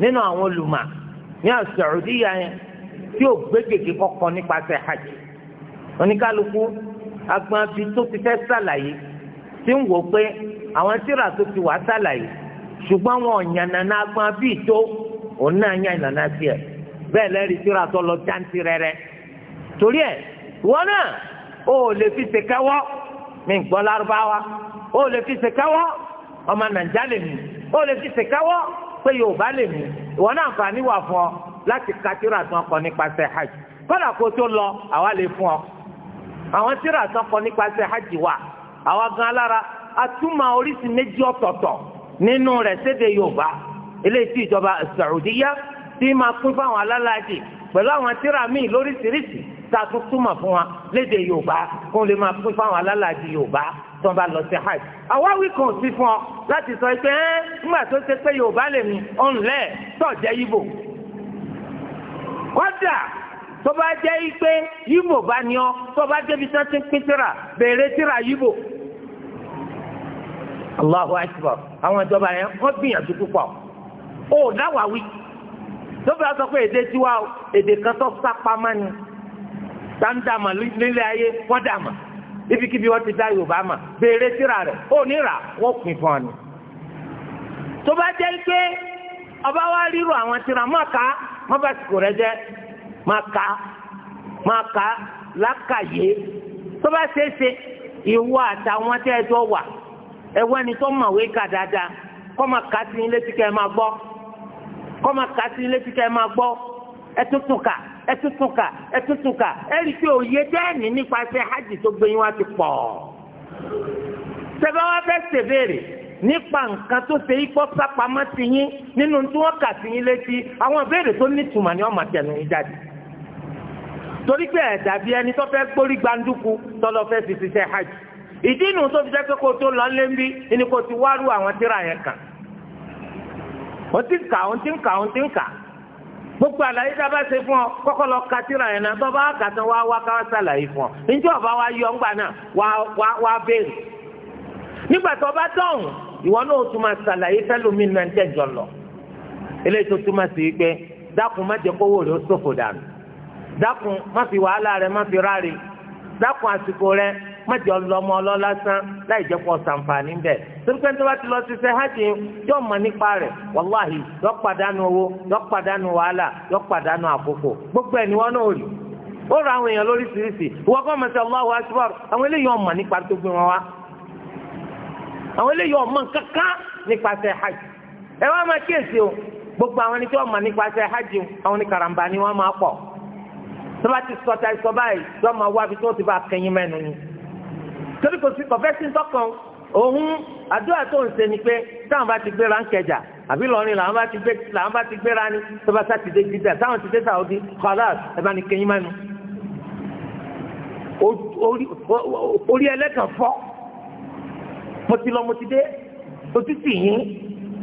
nínú àwọn olùmọ̀ ní asaudiya yẹn tí ó kọ́kọ́ nípa hajj oníkálukú agbọ̀n tó ti tí ń wò pé àwọn tíra tó ti wà sàlàyé ṣùgbọ́n wọn ò yànnà náà gbọ́n bíi tó òun náà yàn ìlànà sí ẹ̀ bẹ́ẹ̀ lẹ́rìí tíra tó lọ jáǹtì rẹ́rẹ́ torí ẹ̀ ìwọ náà ó lè fi ṣe kẹ́wọ́ mi ń gbọ́ lárúbáwá ó lè fi ṣe kẹ́wọ́ ọmọ nàìjà lè mí ó lè fi ṣe kẹ́wọ́ pé yorùbá lè mí ìwọ náà fà níwà fún ọ láti ka tíra tó kọ nípasẹ̀ hajj kọ́dà kó tó lọ àwa lè fún ọ àwọn tíra tó kọ nípasẹ̀ hajj wà àwa gan alára atúmọ̀ oríṣi méjì ọ̀tọ̀ọ̀tọ̀ nínú rẹ̀ séde yorùbá eléyìí ìjọba Saudiya tí máa pín fáwọn alálàájì pẹ̀lú àwọn tíra míì lóríṣiríṣi tá a tún túmọ̀ fún wa léde yorùbá kó lè máa pín fáwọn alálàájì yorùbá tó ń bá lọ sí hajj. àwa wí kàn sí fún ọ láti sọ pé ẹ́ nígbà tó ṣe pé yorùbá lè mi ọ̀nlẹ̀ tó jẹ́ ibo. kódà tó bá jẹ́ pé ibo bá ní ọ tó bá débi tán ti ń pín tíra béèrè tíra ibo. Allahu akbar àwọn ìjọba yẹn wọ́n gbìyànjú púpọ̀ ó dáwàwí lóbìnrin sọ pé èdè tiwa èdè kan tó sápamọ́ ni dáńdàmà nílé ayé wọ́n dàmà ibikíbi wọ́n ti dá yorùbá mà béèrè síra rẹ̀ ó níra wọ́n pin fún ọ ni. tó bá jẹ́ pé ọba wa ríru àwọn tìrà máa ka má bá sìkò rẹ jẹ́ máa ka máa ka lákàyè tó bá ṣeé ìwọ àtàwọn tẹ́ ẹ wà ẹ̀wọ́ ẹni tó mọ̀wé kà dáadáa kọ́ máa kà sí ilé tí kẹ́ ẹ máa gbọ́ kọ́ máa kà sí ilé tí kẹ́ ẹ máa gbọ́ ẹ tuntun kà ẹ tuntun kà ẹ tuntun kà ẹ rí i pé òye dẹ́ẹ̀nì nípasẹ̀ hajj tó gbé yín wá ti pọ̀ sẹ́fẹ́ wá fẹ́ ṣèbéèrè nípa nǹkan tó ṣe ikọ́ sápamọ́ sí yín nínú tí wọ́n kà sí yín létí àwọn ìbéèrè tó nítumọ̀ ni wọ́n máa tẹnu yín jáde torí pé ẹ̀ dàbí ẹni tó fẹ́ gbórí gbanduku tó fẹ́ fi ṣiṣẹ́ hajj ìdí inú tó fi jẹ́ pé kó tó lọ lé bí ni kó ti wárú àwọn tíra yẹn kàn ó ti kà ó ti kà ó ti kà gbogbo àlàyé tá a bá ṣe fún ọ kọ́kọ́ lọ ka tíra yẹn náà tó bá kà tán wá wá ká wá ṣàlàyé fún ọ níjọ́ ọba wa yọ ńgbà náà wá wá wá béèrè nígbà tó bá dọ̀hùn ìwọ náà ó tún máa ṣàlàyé fẹ́lómìn náà ń tẹ̀jọ́ lọ eléyìí tó túmọ̀ sí pé dákun má jẹ́ kówó rẹ̀ ó ṣòfò dànù dákun má fi wàhálà rẹ̀ má fi ráre dákun àsìkò rẹ̀ mẹ́jọ lọ́mọ ọlọ́lásán láì jẹ́ pọ̀ sàǹfààní bẹ̀. torípé tó bá ti lọ ṣiṣẹ́ hajj yóò mọ̀ nípa rẹ̀ wàláhì pàdánù owó yóò pàdánù wàhálà yóò pàdánù àkókò gbogbo ẹ̀ ni wọ́n náà rí ó ra àwọn èèyàn lóríṣiríṣi ìwọ kọ́ mọ̀ sí àwọn eléyìí ọmọ nípa tó gbé wọn wá eléyìí ọmọ kankan hajj ẹ wá máa kíyèsí o gbogbo àwọn ẹni tí wọ́n hajj àwọn ni máa pọ̀ bá ti torí kò sí kọ̀fẹ́sì tọkàn òun àdúrà tó ń se ni pé táwọn bá ti gbéra ń kẹjà àbí lọrin làwọn bá ti gbé làwọn bá ti gbéra ni tó bá sá ti dé jíjà táwọn ti dé sàwọ́dí kọ́lá ẹ bá ní kẹyìn mánu orí ẹlẹ́kàn fọ́ mo ti lọ mo ti dé mo ti tì yín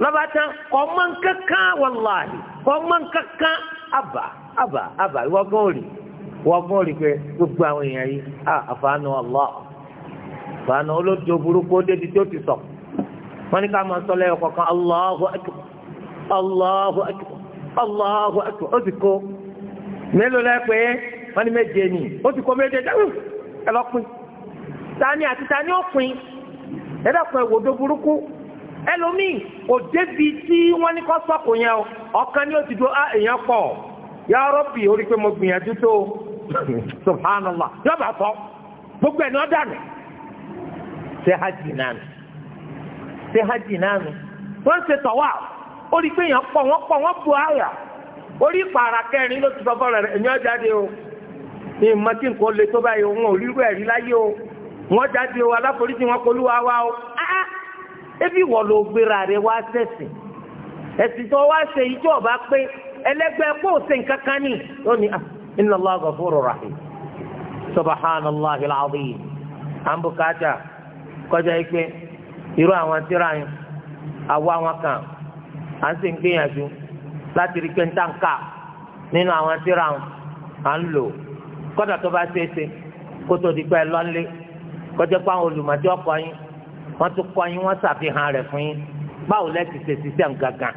lọ́ba tán ọmọ nkankan wàláhì ọmọ nkankan àbà àbà àbà ìwọ́gbọ́n ò ìwọ́gbọ́n ò pé gbogbo àwọn èèyàn yìí àfààní ọlọ́ọ̀. fàánà olóòjò burúkú débi tó ti sọ wọn ni ká máa sọ lẹ́yìn kọ̀ọ̀kan Allahu akbar Allahu akbar Allahu akbar ó ti kó mélòó wọn ni méje ni ó ti kó méje dáhùn ẹ tani àti tani ó pin ẹ̀wòdó burúkú ẹlòmíì tí kọ́ ọ̀kan ni ó ti do ah, èèyàn pọ̀ ya rọ́bì orí pé mo gbìyànjú tó subhanallah yọba sọ gbogbo ẹ̀ ọ́ ṣé hajj náà nù ṣé hajj náà nù wọ́n ṣe tọ̀wá ó pé èèyàn pọ̀ wọ́n pọ̀ wọ́n bu àyà orí ìpààrà kẹrin ló ti sọ́kọ́ rẹ̀ ẹ̀yìn ọ̀jáde o ní ìmọ̀tí nǹkan lè tó báyìí wọn ò rírú ẹ̀rí láyé o wọ́n jáde o aláforíjì wọn polú wa wá o ebi wọ̀ ló gbéra rẹ̀ wá sẹ̀sìn tó wá ṣe ọba pé ṣe nǹkan kan ní ah, kọjá yìí pé irú àwọn tíra yẹn àwọ àwọn kan à ń sì ń gbìyànjú láti rí pé ń tà ń kà nínú àwọn tíra wọn à ń lò kọ́dà tó bá ṣeé ṣe kó tó di pé ẹ lọ́nlé kọjá pé àwọn olùmọ̀tí ọkọ̀ yín wọ́n tún kọ́ yín wọ́n ṣàfihàn rẹ̀ fún yín báwo lẹ́ẹ̀tì ṣe ṣiṣẹ́ ń gangan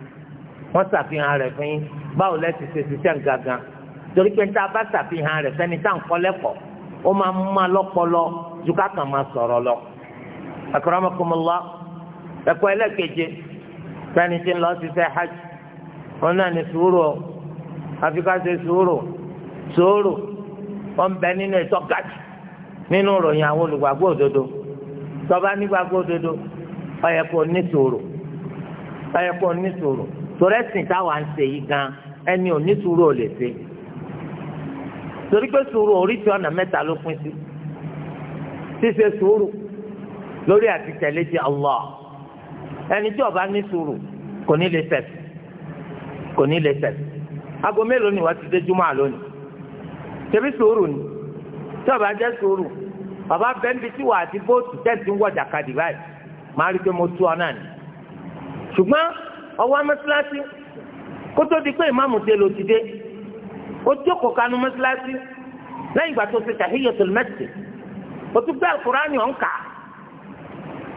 wọ́n ṣàfihàn rẹ̀ fún yín báwo lẹ́ẹ̀tì ṣe ṣiṣẹ́ ń gangan torí pé tá a bá ṣàfihàn rẹ̀ fẹ́ni tá à ń kọ́ lẹ́kọ̀ọ́ ó máa ń mú ma lọ́pọlọ ju ká kàn máa sọ̀rọ̀ lọ. akramakumullah ẹ̀kọ́ ẹlẹ́keje sani ti lọ hajj wọn náà ní sùúrù ọ àfi ṣe sùúrù sùúrù wọn bẹ nínú ètò gàjù nínú àwọn òdodo tọba nígbàgbọ́ òdodo ó ní sùúrù ní sùúrù torí ẹ̀sìn táwa ń ṣe yìí gan ẹni ò torí pé sùúrù ọ̀nà mẹ́ta ló lórí àti tẹ̀lé ti Allah ẹni tí ó bá ní sùúrù kò ní lè sẹ̀sì kò ní lè sẹ̀sì aago mélòó ni wọ́n ti dé júmọ́ àlónì tẹ̀bí sùúrù ni tí ó bá jẹ́ sùúrù bàbá bẹ́ńbí tí wà á ti bóòtù tẹ̀sí ń wọ̀jà kadì báyìí máa rí i pé mo tú ọ náà ni ṣùgbọ́n ọwọ́ mẹ́sàlásí kó tó di pé ìmáàmù dé ló ti dé ó jókòó kanu mẹ́sàlásí lẹ́yìn ìgbà tó ti tàhíyàtul masjid ó tún gbé àkùránì ọ̀nkà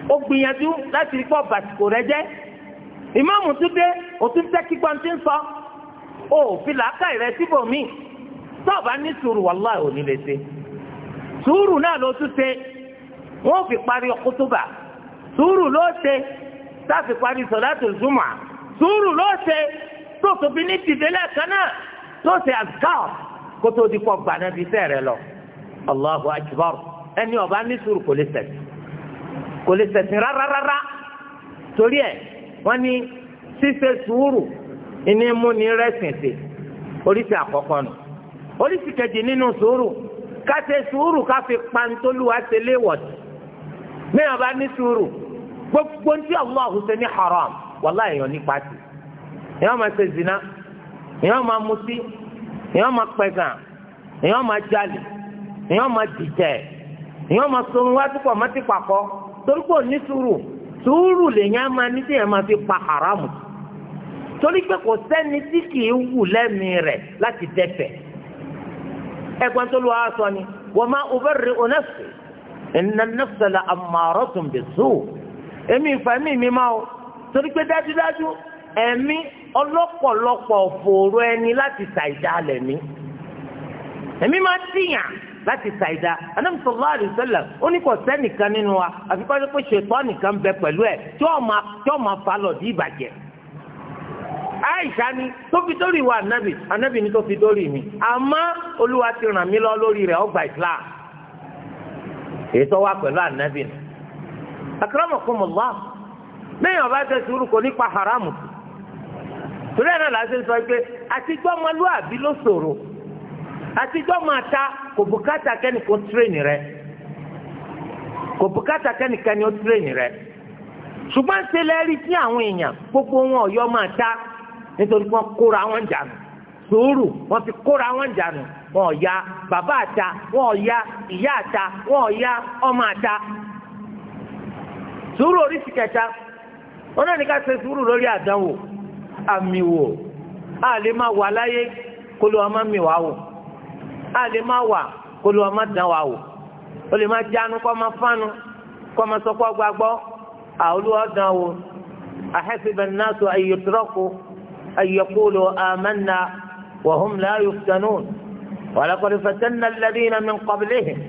ó gbìyànjú láti rí pọ̀ bàtìkò rẹ jẹ́ ìmáàmù tún dé òtún tẹ́ kíkọ́ ti ń sọ ó fi làákàyè rẹ síbò míì tọ́ọ̀bá ní sùúrù wàláì ò ní lè ṣe sùúrù náà ló tún ṣe wọ́n fi parí kútúbà sùúrù ló ṣe táàfi parí sọ̀dátù zùmà sùúrù ló ṣe tó tóbi ní tìdélẹ̀ kan náà tó ṣe àgàw kótó dikọ̀ gbà náà fi sẹ́ẹ̀rẹ̀ lọ Allahu akbar ẹni ọba ní sùúrù kò lè sẹ̀tì. kò lè ṣẹ̀sìn rárá rárá torí ẹ̀ wọ́n ní ṣíṣe sùúrù ìní múni rẹ̀sìn sí oríṣi àkọ́kọ́ nù oríṣi kejì nínú sùúrù ká ṣe sùúrù ká fi pantolúwa ṣe léwọ̀tì mẹ́rin ọba ní sùúrù gbogbo ní haram wàláhì èèyàn ní pàtì èèyàn máa ṣe zina èèyàn máa mutí èèyàn máa pẹ̀gàn èèyàn máa jalè èèyàn máa èèyàn máa wájú pọ̀ torí pé òní sùúrù sùúrù lèyàn máa ní sèyàn máa fi pa haramu torí pé kò sẹ́ni tí kì í wù lẹ́mìí rẹ̀ láti dẹ́ṣẹ̀ ẹ̀gbọ́n tó lu aṣọ ni wa ma ubarri'u nafsi inna an-nafsa la'ammaratun bis-su' èmi ìfàmì mi máa o torí pé dájúdájú ẹ̀mí ọlọ́pọ̀lọpọ̀ fòòró ẹni láti ṣàìdá lẹ̀mí ẹ̀mí máa tìyàn láti ṣàìdá Ànábì sallallahu alaihi wasallam ó ní kò sẹ́nìkan nínú wa àfi kọ́ pé ṣètọ́ nìkan bẹ pẹ̀lú ẹ̀ tí ó máa tí ó máa fa lọ di ìbàjẹ́. Àìṣà ni tó fi dórí wa ànábì ànábì ni tó fi dórí mi àmọ́ Olúwa ti ràn mí lọ lórí rẹ̀ ó gba Islam ètò wa pẹ̀lú ànábì ni. Akramakumullah lẹ́yìn ọba tẹ sùúrù kò ní pa haramu. Torí ẹ̀ náà làá ṣe sọ pé àti gbọ́mọlúàbí ló ṣòro. àtijọ́ máa ta kò bùkátà kẹ́ni kò rẹ kò ó ṣùgbọ́n ṣe lẹ́rí àwọn èèyàn gbogbo wọn ọ̀yọ́ máa ta nítorí wọn kóra wọn jànú wọn fi kóra wọn jànú wọn ò ya bàbá àta wọn ò ya ìyá àta wọn ò ya ọmọ àta oríṣi kẹta wọn náà a lè má wà kó lè wà má dán wa wò ó lè má jánu kó má fánu kó má sọ kó gbàgbọ́ àwòlúwà dán wò ahasiba an-nasu an yutraku an yaqulu amanna wa hum la yuftanun wa laqad fatanna alladhina min qablihim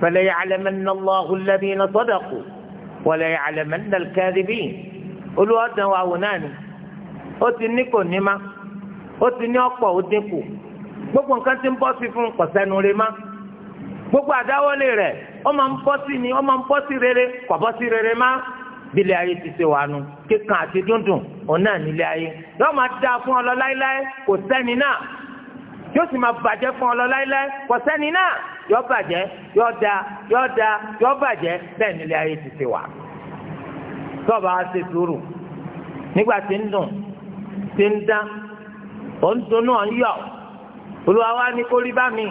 فليعلمن الله الذين صدقوا وليعلمن الكاذبين olùwà dán wa wò náà ni ó ti ní kò ní ma ó ti ní ọ̀pọ̀ ó dínkù gbogbo nǹkan ti ń bọ́ sí fún gbogbo àdáwọ́lé rẹ máa ń ni máa ń rere kò bọ́ sí rere má bílẹ̀ ayé ti ṣe wà nù kíkan àti dúndùn fún ọ lọ láéláé kò sẹ́ni náà yóò sì máa fún ọ lọ láéláé kò sẹ́ni náà yóò bàjẹ́ yóò da yóò da yóò bàjẹ́ bẹ́ẹ̀ nílé ayé ti ṣe wà. tọ́ba á ṣe sùúrù olúwa wa ní kórí bá mi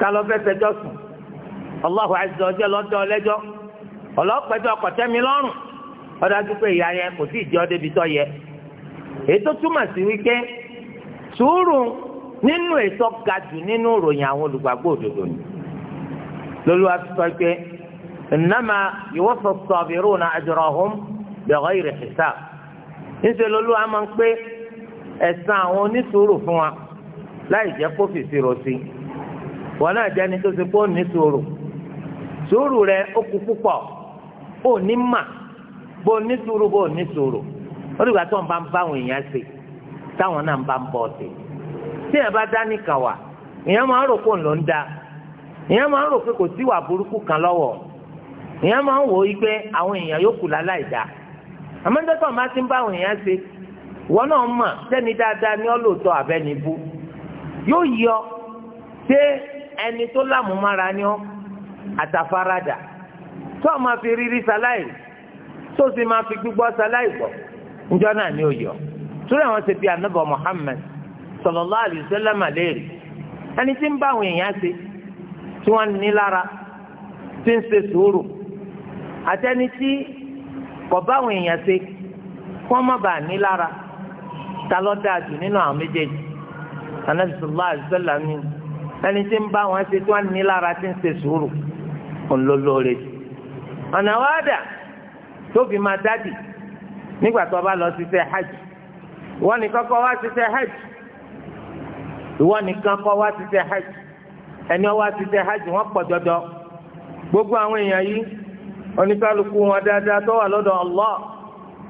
ká lọ fẹ́ fẹjọ́ sùn Allahu azza wa jalla lọ́dọ̀ ọlẹ́jọ́ ọlọ́pẹ̀jọ́ kọ̀tẹ́mi lọ́rùn ọ̀dájú pé ìyá yẹn kò sí ìdí ọdẹ ibi tó yẹ ètò túmọ̀ sí wípé sùúrù nínú ètò ga jù nínú ìròyìn àwọn olùgbàgbọ́ òdodo ni lọ́lọ́wọ́ sọ pé innama yuwaffa as-sabiruna ajrahum bighayri hisab ńṣe lọ́lọ́wọ́ a máa ń láì jẹ́ kó fèsì rò sí wọn náà tó ṣe pé ó ní sòrò. Sòrò rẹ ó kú púpọ̀ ó ní mà bó ní sòrò bó ní sòrò. ó dìgbà tó ń bá ń bá àwọn èèyàn táwọn náà ń bá ń bọ̀ ṣe tí bá dá wà èèyàn máa ń rò pé ń rò kò sí kan lọ́wọ́ máa ń wò ó àwọn èèyàn yóò yọ ṣé ẹni tó lámùmára ni ọ àtàfaradà tó o máa fi rírí sáláì tó o sì máa fi gbígbọ́ sáláì gbọ́ njọ́ náà ni ó yọ torí àwọn ṣe bí anábọ̀ Muhammad sallallahu alaihi wasallam ẹni tí ń bá àwọn èèyàn ṣe tí wọ́n ní lára tí ń ṣe tí kò bá àwọn èèyàn ṣe má bàa ní lára ta ló dáa jù nínú àwọn méjèèjì anabi sallallahu alaihi wasallam ni ẹni tí ń bá wọn ṣe tó ń tí ń ṣe sùúrù ńlọlọrẹ ọ̀nà wa dà tóbi máa dádì nígbà tó bá lọ ṣiṣẹ́ hajj ìwọ nìkan kọ́ wá ṣiṣẹ́ hajj ìwọ nìkan kọ́ wá ṣiṣẹ́ hajj ẹni ṣiṣẹ́ hajj wọ́n pọ̀ dọ́dọ́ gbogbo àwọn èèyàn yìí oníkálukú wọn dáadáa tó wà lọ́dọ̀ Allah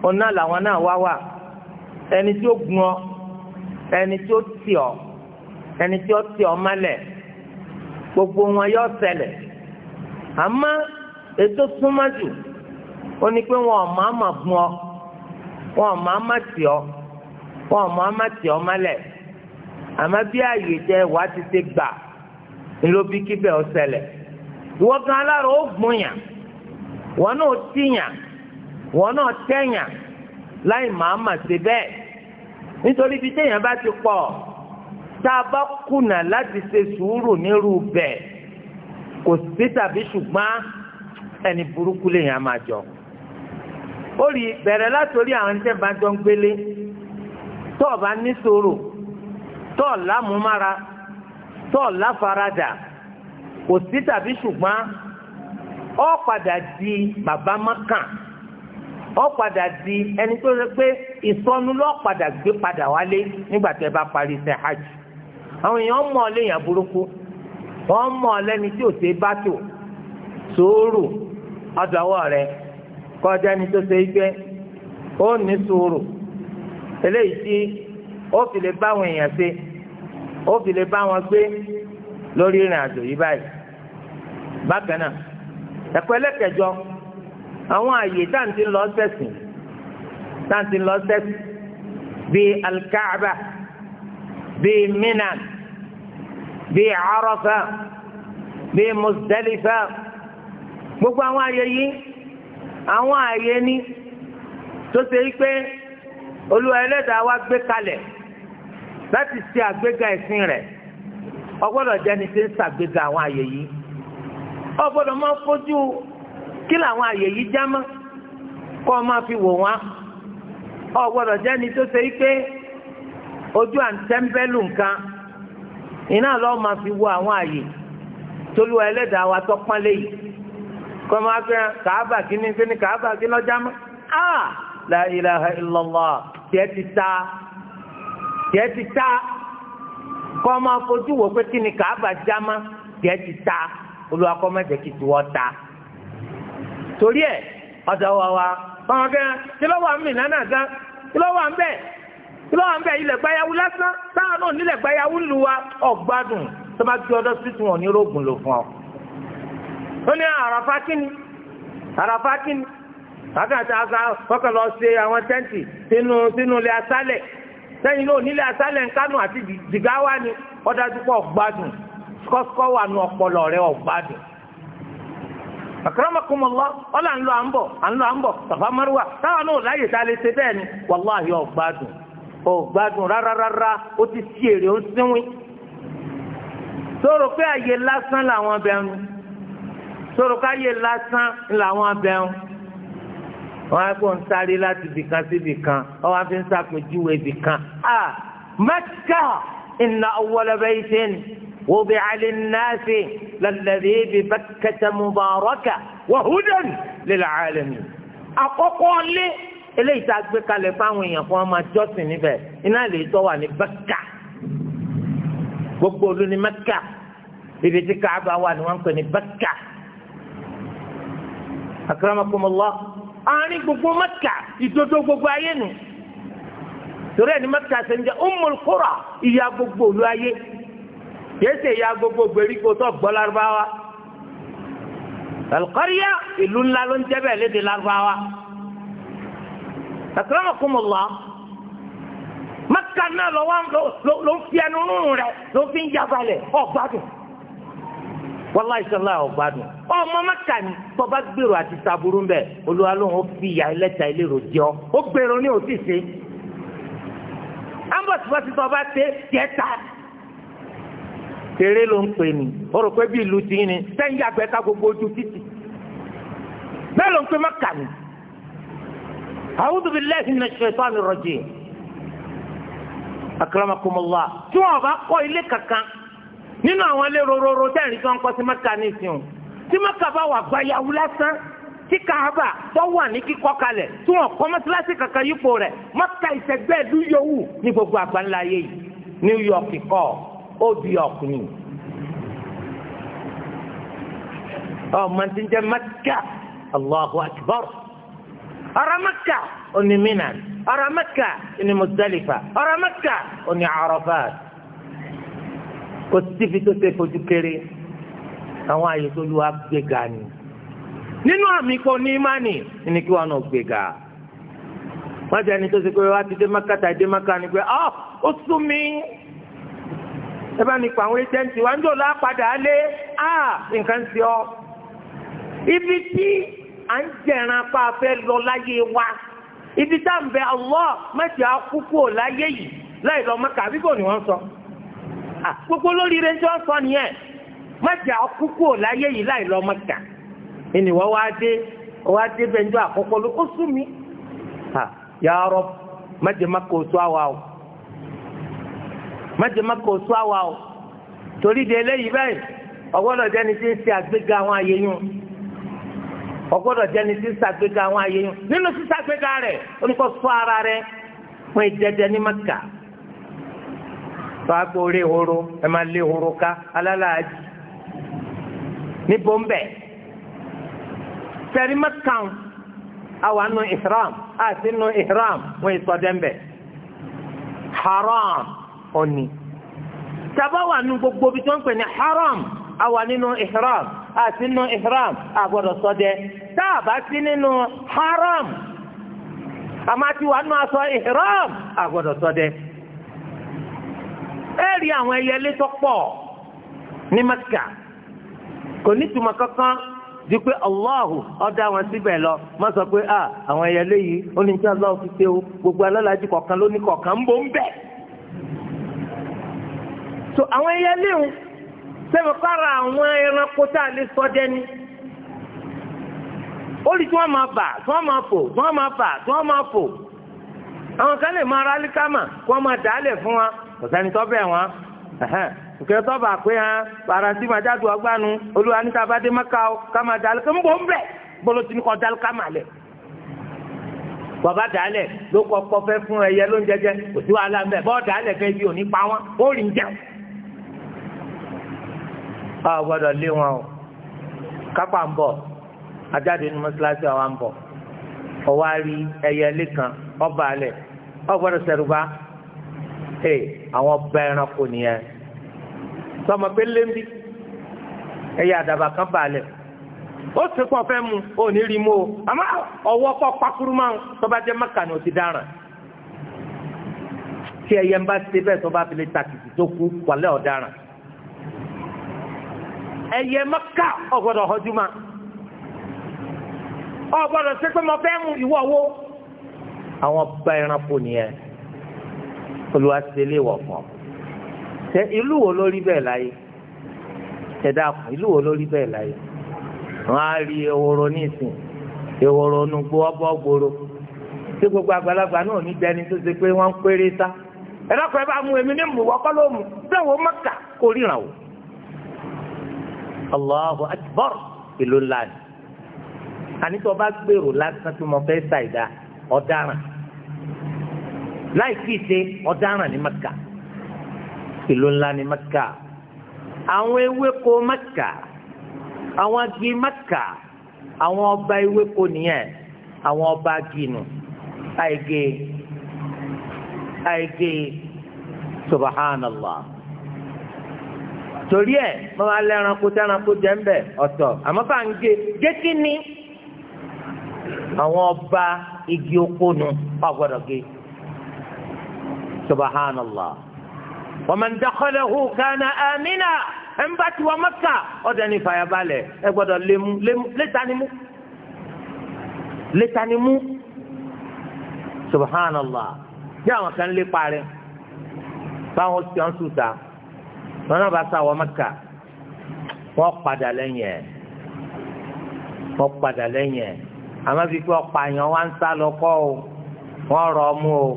ọ̀nà làwọn náà wá ẹni tí ó ẹni tí ó ti ọ ẹni tí ó tì ọ́ mọ́lẹ̀ gbogbo wọn yóò ṣẹlẹ̀ ma ètò súnmọ́ jù ó ní pé wọn ò máa mà bùn ọ wọn ò máa mà tì ọ wọn ò máa mà tì ọ bí ààyè jẹ wàá ti ṣe gbà ńlọ bí ọ sẹlẹ ìwọ kan aláàrọ ó nítorí ibi téèyàn bá ti pọ̀ tá a bá kùnà láti ṣe sùúrù nírú bẹ̀ kò sí tàbí ṣùgbọ́n ẹni burúkú lèèyàn máa jọ ó rí bẹ̀rẹ̀ látòrí àwọn tẹ́ bá jọ ń gbélé tó o bá tó o lámúmára tó o láfaradà kò sí tàbí ṣùgbọ́n ó padà di bàbá mọ́kàn. ọ padà di ẹni tó rẹ pé lọ padà gbé padà wálé nígbà tẹ́ bá parí iṣẹ́ hajj àwọn èèyàn ọ ọ́ léèyàn burúkú wọ́n mọ̀ tí ò ṣe bá tò sùúrù ọ̀dọ̀wọ́ rẹ kọjá ẹni tó ṣe gbẹ́ ó ní eléyìí tí ó fi lè bá àwọn èèyàn ṣe ó fi lè bá wọn gbé lórí ìrìn àjò yìí báyìí bákan náà ẹ̀kọ́ àwọn àyè táǹtì lọ sẹ́sìn táǹtì lọ sẹ́sìn bíi alkaaba bíi mina bíi arafa bíi musdalifa gbogbo àwọn àyè yìí àwọn àyè ni tó ṣe pé olúwa ẹlẹ́dàá wa gbé kalẹ̀ láti ṣe àgbéga ẹ̀sìn rẹ̀ ọgbọ́dọ̀ jẹ́ni tí ń ṣàgbéga àwọn àyè yìí ọgbọ́dọ̀ máa fojú kí làwọn àyè yìí já kọ́ máa fi wò wọ́n ọ gbọ́dọ̀ jẹ́ ni tó ṣe pé ojú àǹtẹ́ńbẹ́lù nǹkan iná lọ máa fi wo àwọn àyè tolúwa ẹlẹ́dàá wa tọ́ léyìí kọ́ máa kàábà kíní kíní kàábà kí la tiẹ̀ ti ta tiẹ̀ ti ta kọ́ máa fojú wò pé kíní kàábà tiẹ̀ ti ta ta. torí ẹ̀ ọ̀dọ̀ wà wá ọmọ gẹ́ kí ló wà ń mì lánàá gan kí ló wà ń bẹ̀ kí ló wà ń bẹ̀ ilẹ̀ gbayawu lásán táwọn náà nílẹ̀ gbayawu ń lu wa ọ̀gbádùn tó bá gbé ọdọ́ sísun ọ̀ ní rógùn lò fún ọ. ó ní àràfá kíni àràfá kíni wákàtí aka kọ́kọ́ lọ ṣe àwọn tẹ́ǹtì sínú sínú ilé asálẹ̀ sẹ́yìn náà nílé asálẹ̀ nkánú àti jìgáwá ni ọ̀dájú pọ̀ gbádùn skọ́skọ́ wà nù ọpọlọ rẹ̀ ọ̀gbádùn. akramakumullah ọlà ń lọ à ń bọ̀ à ń lọ à ń bọ̀ Safa Marwa táwọn náà láyè tá a lè ṣe bẹ́ẹ̀ ni wàláhì ọ̀gbádùn ọ̀gbádùn rárárárá ó ti sí èrè ó ń sínwín sọ̀rọ̀ pé àyè lásán làwọn bẹ̀rù sọ̀rọ̀ pé àyè lásán làwọn bẹ̀rù wọn á kó ń sáré láti bìkan sí bìkan fi ń sàpèjúwe bìkan ah Makkah inna awwala وضع للناس للذي ببكة مباركة وهدى للعالمين أقول لي إلي تأكبك لفاوين يقول ما جوسي نبه إنا لي تواني بكة وقولوني مكة إذا تك عبا وان بكة أكرمكم الله أنا بقو مكة يتوتو بقو عيني ترى مكة سنجا أم القرى إيا بقو لأيه kéésì ìyá gbogbo gbèríko tó gbọ́ lárúbáwá alqarya ìlú ńlá ló ń jẹ́bẹ̀ léde lárúbáwá akramakumullah maka náà lọ wá ló ń fi ẹnu rúrùn rẹ ló ń fi ń jabalẹ̀ ọ̀gbádùn wàláì sọlá ọ̀gbádùn ọmọ maka ni bọba gbèrò àti saburú ń bẹ olúwa ló fi ìyá ẹlẹ́ta ìlérò jọ ó gbèrò ní òtítì ambos bá tẹ tiẹ̀ ta. tèrè ló ń pè ní o rò pé bí ìlú ti ní sẹ́yìn yàgbẹ́ ká gbogbo ojú títì bẹ́ẹ̀ ló ń pè má kà ní. a'udhu billahi minash shaitanir rajim akramakumullah tí wọn bá kọ́ ilé kankan nínú àwọn ilé rororo tẹ́rìn tí wọ́n kọ́ sí mẹ́ka ní ìsìn tí mẹ́ka bá wà gbayawu lásán tí kaaba tó wà ní kíkọ́ kalẹ̀ tí wọ́n kọ́ mọ́sálásí kankan yípo rẹ̀ mẹ́ka ìṣẹ̀gbẹ́ ìlú yòówù ní gbogbo àgbáńlá ayé yìí New York kọ́ ó di ọkùnrin ọmọ tí ń jẹ mẹka allahu akbar ọ̀rọ̀ mẹka oní minan ọ̀rọ̀ mẹka oní muzdalifa ọ̀rọ̀ mẹka oní arafat kò síbi tó ṣe fojú kéré àwọn àyè tó lu agbèga ni nínú àmì kan ní imáni ní kí wọn náà gbèga wọn jẹ ẹni tó ṣe pé wọn ti dé mẹka tàbí dé mẹka ni pé ọ ah, ó sún mi. ẹ bá mi pa àwọn wa ń jò lápadà lé à nǹkan ọ. ibi tí à ń jẹran pa afẹ́ lọ láyé ibi tá ń bẹ Allah mẹ́tì akúkú ò láyé yìí láì lọ mọ́kà àbíkò ni wọ́n sọ. gbogbo lóríire tí wọ́n sọ nìyẹn mẹ́tì akúkú ò láyé yìí láì lọ mọ́kà. ẹnì wá dé wá dé bẹ́ẹ̀ ń jọ àkọ́kọ́ ló kó sún mi. yàrá mẹ́tì májèmá kò sọ àwa o torí de eléyìí bẹ́ẹ̀ ọgbọ́dọ̀ jẹ́ni tí ń ṣe àgbéga àwọn àyè yún ọgbọ́dọ̀ jẹ́ni tí ń ṣàgbéga àwọn àyè yún nínú sísàgbéga rẹ̀ oníkọ́ sọ ara rẹ̀ fún ìjẹjẹ ní mẹ́kà fàgbó lé horo ẹ máa lé horo ká alálàájì ní bọ́m̀bẹ̀ sẹ́rí mẹ́kà àwọn nù ihram àti nù ihram wọ́n ìsọdẹ́mbẹ̀ haram. ọ̀nì tàbá wà nínú gbogbo ibi tó ń pè ní haram àwa nínú ihram àti nínú ihram àgbọ̀dọ̀ a sí nínú haram àmọ́ àti wà nínú aṣọ ihram àgbọ̀dọ̀ ṣọdẹ ẹ rí àwọn ẹyẹlé tó pọ̀ ní Mẹ́kà kò ní ìtumọ̀ kankan di pé Allahu ọdá wọn síbẹ̀ lọ má sọ pé ah, àwọn ẹyẹ léyìí ó gbogbo alálàájì so àwọn ẹyẹ léwu àwọn ẹranko tá a lè sọ dẹ́ni ó lè tí wọ́n máa bà tí wọ́n máa fò ra alikama kí wọ́n máa dàálẹ̀ fún wa kò sẹ́ni tó bẹ̀ wọ́n nkẹ́ tó bá pé hàn paranti máa jáde olúwa ní dé maka ó ká máa dàálẹ̀ kí n bò ń bẹ̀ bọ́lọ́ ti ní kọ́ dàálẹ̀ ká máa lẹ̀ bàbá dàálẹ̀ ló kọ́ kọ́ fẹ́ fún ẹyẹ ló ń kò sí wàhálà ń a gbọ́dọ̀ lé wọn o kápá ń bọ̀ ajáde ní mọ́ṣáláṣí àwa ń bọ̀ ọwọ́ àrí ẹyẹ ilé kan ọba alẹ̀ ọ gbọ́dọ̀ sẹ́rùbá ee àwọn ọba ẹranko nìyẹn sọmọ pé lẹ́ńbí ẹyẹ àdàbà kan bà alẹ̀ ó sì pọ̀ fẹ́ mu ò ní rí mu o àmọ́ ọwọ́ kọ́ pákúrú máa ń tọ́ba jẹ́ mọ́kà ni ò ti dáràn tí ẹyẹ ń bá ṣe bẹ́ẹ̀ tọ́ba fi lè takìtì tó kú wàlẹ́ ọ̀daràn ẹyẹ mọ́kà ọ̀gbọ́dọ̀ ọ̀họ́jú ma ọ̀gbọ́dọ̀ ṣe pé mo fẹ́ mu ìwọ wo àwọn ọba ẹranko nìyẹn olùwàsílẹ̀ wọ̀ fún ọ tẹ ìlú wo lórí bẹ́ẹ̀ láyé tẹ dákun ìlú wo lórí bẹ́ẹ̀ láyé wọn á rí ehoro nísìn ehoro onugbo ọbọ gbòòrò tí gbogbo àgbàlagbà náà ní dẹni tó ṣe pé wọn ń péré sá ẹ dákun ẹ bá mú èmi ní mú wọ́kọ́ ló mú bẹ́ẹ̀ wo mọ́kà kò ríran o. Allahu Akbar ìlú ńlá ni àní tó bá gbèrò lásán tó mọ fẹ́ ṣàìdá ọ̀daràn láì kí ṣe ọ̀daràn ní Mẹ́kà ìlú ńlá ní Mẹ́kà àwọn ewéko Mẹ́kà àwọn agi Mẹ́kà àwọn ọba ewéko nìyẹn àwọn ọba aginu àìgé àìgé subhanallah. torí ẹ̀ wọ́n máa lẹ́ ẹranko tí ẹranko jẹ́ ń bẹ̀ ọ̀tọ̀ ń gé ọba igi oko nu ọgbọ́dọ̀ gé subhanallah wa man dakhalahu kana amina ẹ̀ ń bá ti wọ mọ́tà ọ̀dẹ̀ ní ìfàyàbalẹ̀ ẹ gbọ́dọ̀ lému lému létanimú bí wọn náà bá sá wọ mẹ́kà wọ́n padà lẹ́yìn ẹ̀ wọ́n padà lẹ́yìn ẹ̀ àmọ́ bíi pé ọ̀pá yẹn wá ń sá lọ kọ́ o wọ́n rọ ọmú o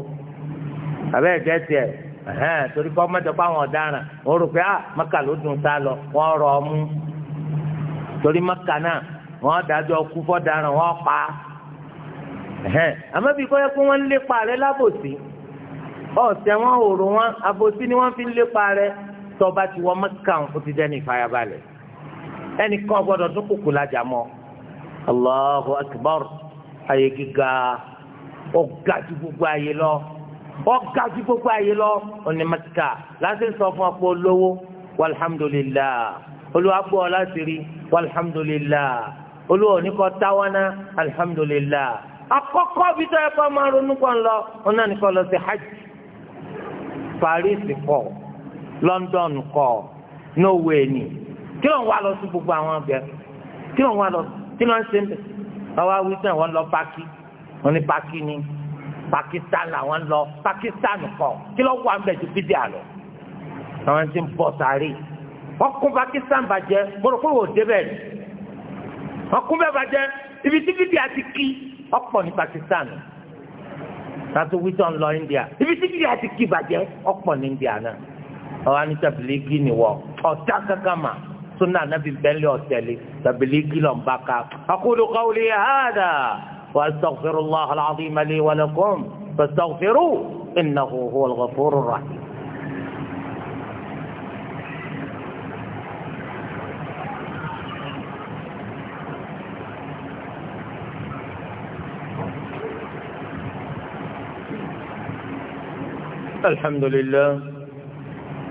àbẹ́ ẹ̀jẹ̀ tiẹ̀ ẹ̀hẹ́n torí kọ́ mẹ́jọ pé àwọn ọ̀daràn wọ́n rò pé ah mẹ́kà ló dùn sá lọ wọ́n rọ ọmú torí mẹ́kà náà wọ́n dájọ́ kú fọ́daràn wọ́n pa ẹ̀hẹ́n àmọ́ bíi kọ́ yẹ pé wọ́n ń lépa rẹ lábòsí ọ̀sẹ̀ wọn òòrùn wọn àbòsí ni wọ́n fi ń lépa rẹ tọ́ba ti wọ mẹ́kà ó ti dẹ́ni ìfàyàbalẹ̀ ẹnì kan gbọ́dọ̀ tó kùkù lájà mọ́ Allahu akbar ayé gíga ó ga ju gbogbo ayé lọ ó ga ju gbogbo ayé lọ ó ní mẹ́kà láti sọ fún ọ̀pọ̀ olówó walhamdulilah olúwa gbọ́ ọ láti rí walhamdulilah olúwa ò ní alhamdulilah àkọ́kọ́ bí tọ́ ẹ kọ́ máa ronú kan lọ ọ̀nà nìkan lọ sí hajj Paris kọ́. London kọ́ Norway ni kí ló ń wá lọ sí gbogbo àwọn ọbẹ̀ kí ló ń wá lọ kí ló ń ṣe ń bẹ̀ wọ́n wá wọn lọ pákí wọn ní pákí ni Pakistan làwọn lọ Pakistan kọ́ kí ló wà ń bẹ̀ ju fídíà lọ àwọn tí ń bọ̀ sáré wọ́n kún Pakistan bàjẹ́ gbọ́dọ̀ wò débẹ̀ rẹ̀ wọ́n kún bẹ́ẹ̀ bàjẹ́ ibi tí fídíà ti kí ọ̀pọ̀ ní Pakistan láti wíṣọ́ ń lọ India ibi tí fídíà ti kí bàjẹ́ ọ̀pọ̀ ní India náà. àwọn wọ́n nìwọ ọ̀tá kankan mà sunna anabi bẹ́ẹ̀lì ọ̀tẹ̀lẹ̀ tàbílẹ́gì lọ́n bá ká. aqulu qawli hada wa astaghfirullah al-azim li wa lakum fastaghfiru innahu huwal ghafurur rahim. الحمد لله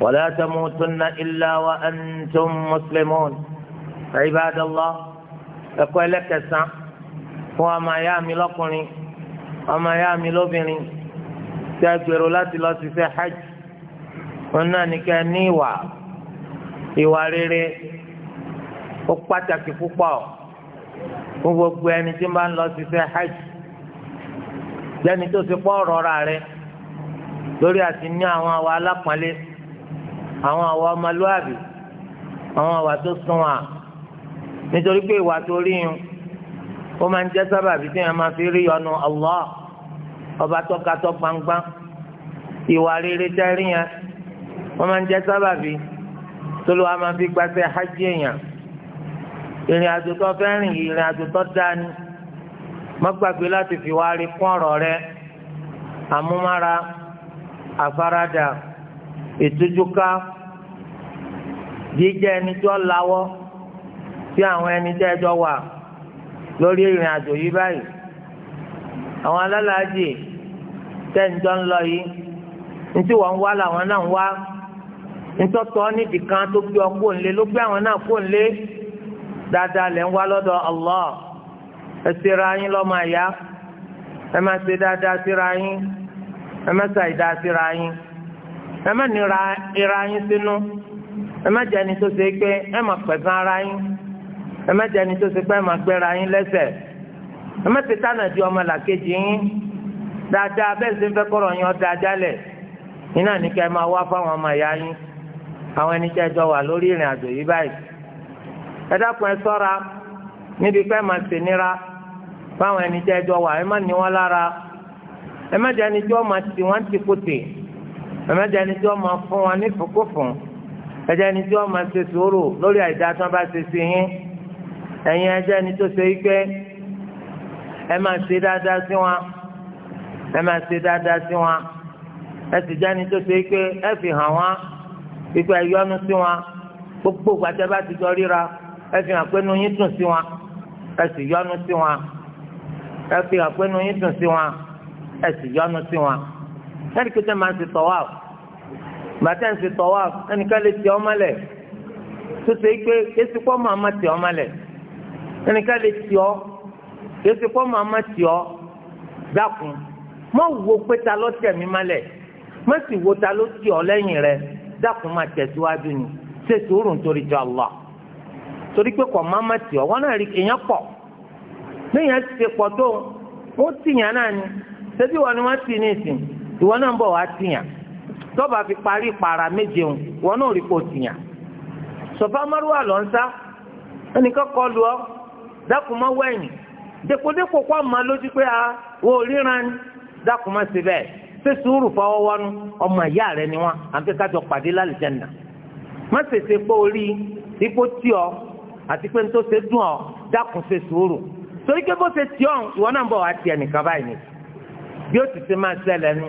ولا تموتن إلا وأنتم مسلمون عباد الله ẹ̀kọ́ ẹlẹ́kẹsàn fún ọmọ ayá mi lọ́kùnrin ọmọ ayá mi lóbìnrin tí a gbèrò láti lọ ṣiṣẹ́ hajj wọn náà ní kẹ́ ní ìwà ìwà rere ó pàtàkì púpọ̀ fún gbogbo ẹni tí bá ń lọ ṣiṣẹ́ hajj lẹ́ni tó ti pọ́ ọ̀rọ̀ rà rẹ lórí àti ní àwọn àwa alápọ̀nlé àwọn àwa ọmọlúwàbí àwọn àwa tó sún wa nítorí pé ìwà tó rí yun ó máa ń jẹ́ sábàbí tí wọ́n máa fi rí ọnu Allah ọba tọ́katọ́ gbangba ìwà rere tẹ́rí yẹn wọ́n máa ń jẹ́ sábàbí tó ló wá máa fi gbàṣẹ hajj èèyàn ìrìn àjò tó fẹ́ rìn yìí ìrìn àjò tó dáa ni má gbàgbé láti fi wá rí kún ọ̀rọ̀ rẹ àmúmára àfaradà. ìtújúká jíjẹ́ ẹni tó lawọ́ sí àwọn ẹni tẹ́ jọ wà lórí ìrìn àjò yìí báyìí àwọn alálàájì tẹ́ǹjọ́ ń lọ yìí ní tí ń wá làwọn náà ń wá ntọ́tọ́ tó gbé òǹlé ló gbé àwọn náà òǹlé dáadáa lẹ́ ń wá lọ́dọ̀ yín lọ́mọ ẹ má eme má nira ira yín sínú ẹ má jẹni tó ṣe pé ẹ má pẹ̀sán ara yín jẹni tó pé ẹ má gbẹ́ra yín lẹ́sẹ̀ ti tánà di ọmọ làkejì yín dáadáa bẹ́ẹ̀ sì ń fẹ́ kọ́rọ̀ yín ajálẹ̀ ní ẹ máa wá fáwọn ọmọ ìyá yín àwọn ẹni tẹ́ jọ wà lórí ìrìn àjò yìí báyìí ẹ dákun ẹ níbi pé ẹ máa fáwọn ẹni tẹ́ jọ wà ẹ má ní wọn lára ẹ má jẹ́ ẹ̀mẹ́jẹ ni tí wọ́n máa fún wa ní fòkófòn ẹ̀jẹ̀ tí wọ́n máa ṣe sùúrù lórí àìdá tí wọ́n bá ṣe sí yín tó ṣe wípé ẹ máa ṣe dáadáa sí wọn ẹ máa ṣe dáadáa sí wọn ẹ sì tó ṣe wípé ẹ fi hàn nu yín dùn sí ẹ sì sí nu yín dùn sí ẹ sì ẹnì kẹtẹ máa ń ṣe tọwáf bàtà ń ṣe o ẹnì kan lè tì ọ́ mọ́lẹ̀ tó ṣe pé èsì pọ́ máa má tì ọ́ mọ́lẹ̀ ẹnì kan lè tì ọ́ èsì pọ́ máa má tì ọ́ dákun mọ́ wo pé ta ló tẹ̀ mí mọ́lẹ̀ mọ́ sì wo ta ló tì ọ́ lẹ́yìn rẹ dákun máa tẹ̀síwájú ni ṣe sùúrù nítorí jọ Allah torí pé kò máa má ọ́ wọn náà rí pọ̀ ti pọ̀ ni ṣé ìwọ náà ń bọ̀ wá tìyàn tọ́ba fi parí ìpara méje òun ìwọ náà rí kò tìyàn sọ̀fà márùwà lọ ń sá ẹnìkan kọ lu ọ dákun mọ́ wẹ̀yìn dèpòdépò kọ́ ọ̀ma lójú pé a wò ríran ni dákun mọ́ sí bẹ́ẹ̀ ṣé sùúrù fọwọ́ wọnú ọmọ ìyá rẹ ni wọn àti kájọ pàdé lálùjánnà má ṣèṣe pé orí ipò tí ọ àti pé nítorí ṣe dùn ọ dákun ṣe sùúrù torí pé bó ṣe tí ọ ìwọ náà ń bọ̀ wá tiẹ̀ nìkan báyìí ni bí ó ti ṣe máa ṣẹlẹ̀ nu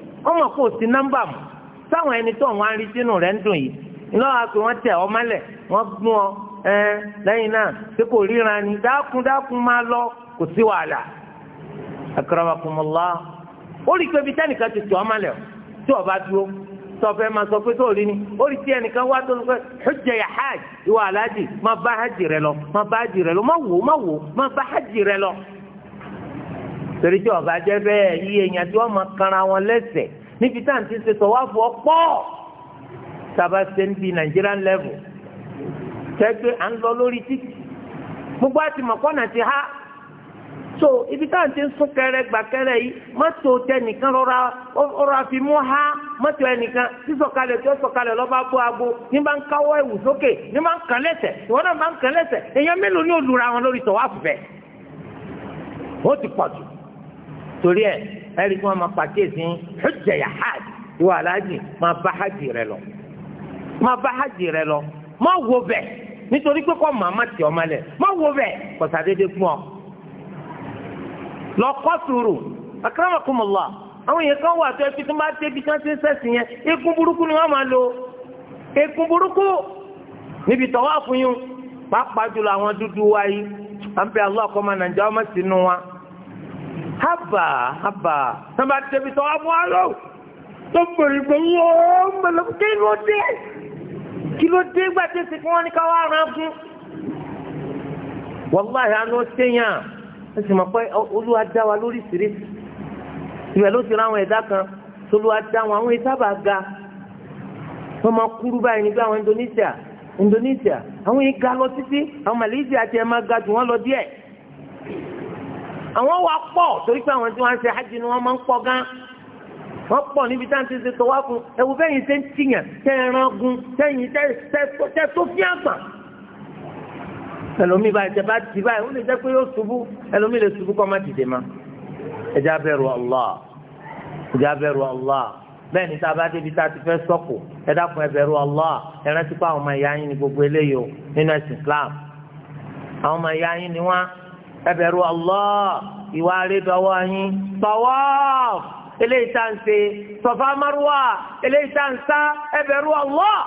ọmọ kò sí nọ́mbà mu sáwọn ẹni tó wọn arí sínú rẹ̀ ń dùn yìí lọ́wọ́ pé wọ́n tẹ̀ ọ́ wọ́n ọ lẹ́yìn náà ṣé kò ríran ni dákun dákun máa lọ kò sí wàhálà akaramakumọlá ó rí i pé ibi tẹ́nìkan ti tẹ̀ ọ́ mọ́lẹ̀ tí ọba dúró tọ́fẹ́ máa sọ pé tó rí ni ó rí tí ẹnìkan wá tó ń ya hajj ìwà aláàjì má bá hajj rẹ lọ bá rẹ lọ wò wò bá rẹ torí tí ọba jẹ́ bẹ́ẹ̀ iye èèyàn tí wọ́n máa kanra wọn lẹsẹ níbi tá à ń ti ṣe sọ̀wáfù sábà ṣe ń bi Nigerian level tẹ́gbẹ́ à ń lọ lórí títì gbogbo àti mọ̀kànnà ti há so ibi tá à ń ti sún kẹrẹ gbàkẹrẹ yìí mọ́tò tẹnìkan rọra rọra fi mú há mọ́tò ẹnìkan sísọ̀kalẹ̀ tí ó sọ̀kalẹ̀ lọ́ba bó aago ní bá ń káwọ́ ẹ̀wù sókè ní bá ń kàn lẹ́sẹ̀ ìwọ náà bá ń kàn lẹ́sẹ̀ èèyàn mélòó ni ó wọn lórí sọ̀wáfù bẹ́ẹ̀ wọ́n ti pọ̀ jù torí ẹ ẹrí kí wọn máa pàkíyèsí hujja ya hajj ìwà aláàjì máa bá hajj rẹ lọ máa bá hajj rẹ lọ máa wo bẹ nítorí pé kọ́ màmá tì ọ́ máa wo bẹ fún ọ. lọ kọ́ sùúrù àwọn kan wà tó ẹbí tó kan ṣe ń sẹ́sìn yẹn eégún burúkú ni wọ́n máa lo eégún burúkú níbi tọ́wọ́ pàápàá jùlọ àwọn dúdú wáyé Allah kó nàìjíríà ọmọ sínú haba haba sábà tẹ́bi tọ́ ọmọ arọ́ tó pèrè pé yóò mẹ́lẹ̀ kí ló dé kí ló dé gbàtẹ́ sí fún wọn ní káwá ara fún wàláhì àánú ṣéyàn ó sì mọ̀ pé olúwa dá wa lóríṣiríṣi ìbẹ̀ ló ti ráwọn ẹ̀dá kan tolúwa dá wọn àwọn ìsábà ga wọ́n máa kúrú báyìí nígbà àwọn Indonesia Indonesia àwọn yìí ga lọ títí àwọn Malaysia àti ẹ̀ máa ga jù wọ́n lọ díẹ̀ àwọn wa pọ̀ torí pé àwọn tí wọ́n ń ṣe hajj ni wọ́n máa ń pọ̀ gan wọ́n pọ̀ níbi tá à ń ti ṣe tọwá fún ẹ̀wù bẹ́yìn ṣe ń tiyàn tẹ́ ẹran gun tẹ́yìn tẹ́ tó fi àgbà ẹlòmíì bá ìjẹba ti báyìí ó lè jẹ́ pé yóò ṣubú ẹlòmíì lè ṣubú kọ́ má dìde ma ẹja bẹ̀rù Allah ẹja bẹ̀rù Allah bẹ́ẹ̀ ni tá a bá débi tá a ti fẹ́ sọ́kù ẹ dákun ẹ bẹ̀rù Allah ẹ rántí pé àwọn ọmọ ìyá yín ni gbogbo eléyìí o nínú ẹ̀sìn Islam àwọn ọmọ ìyá yín ni wọ́n ẹ bẹ̀rù Allah ìwà àrídọ́wọ́ yín tawaf eléyìí tá ń ṣe sọ̀fà márùwà eléyìí tá ń sá ẹ bẹ̀rù Allah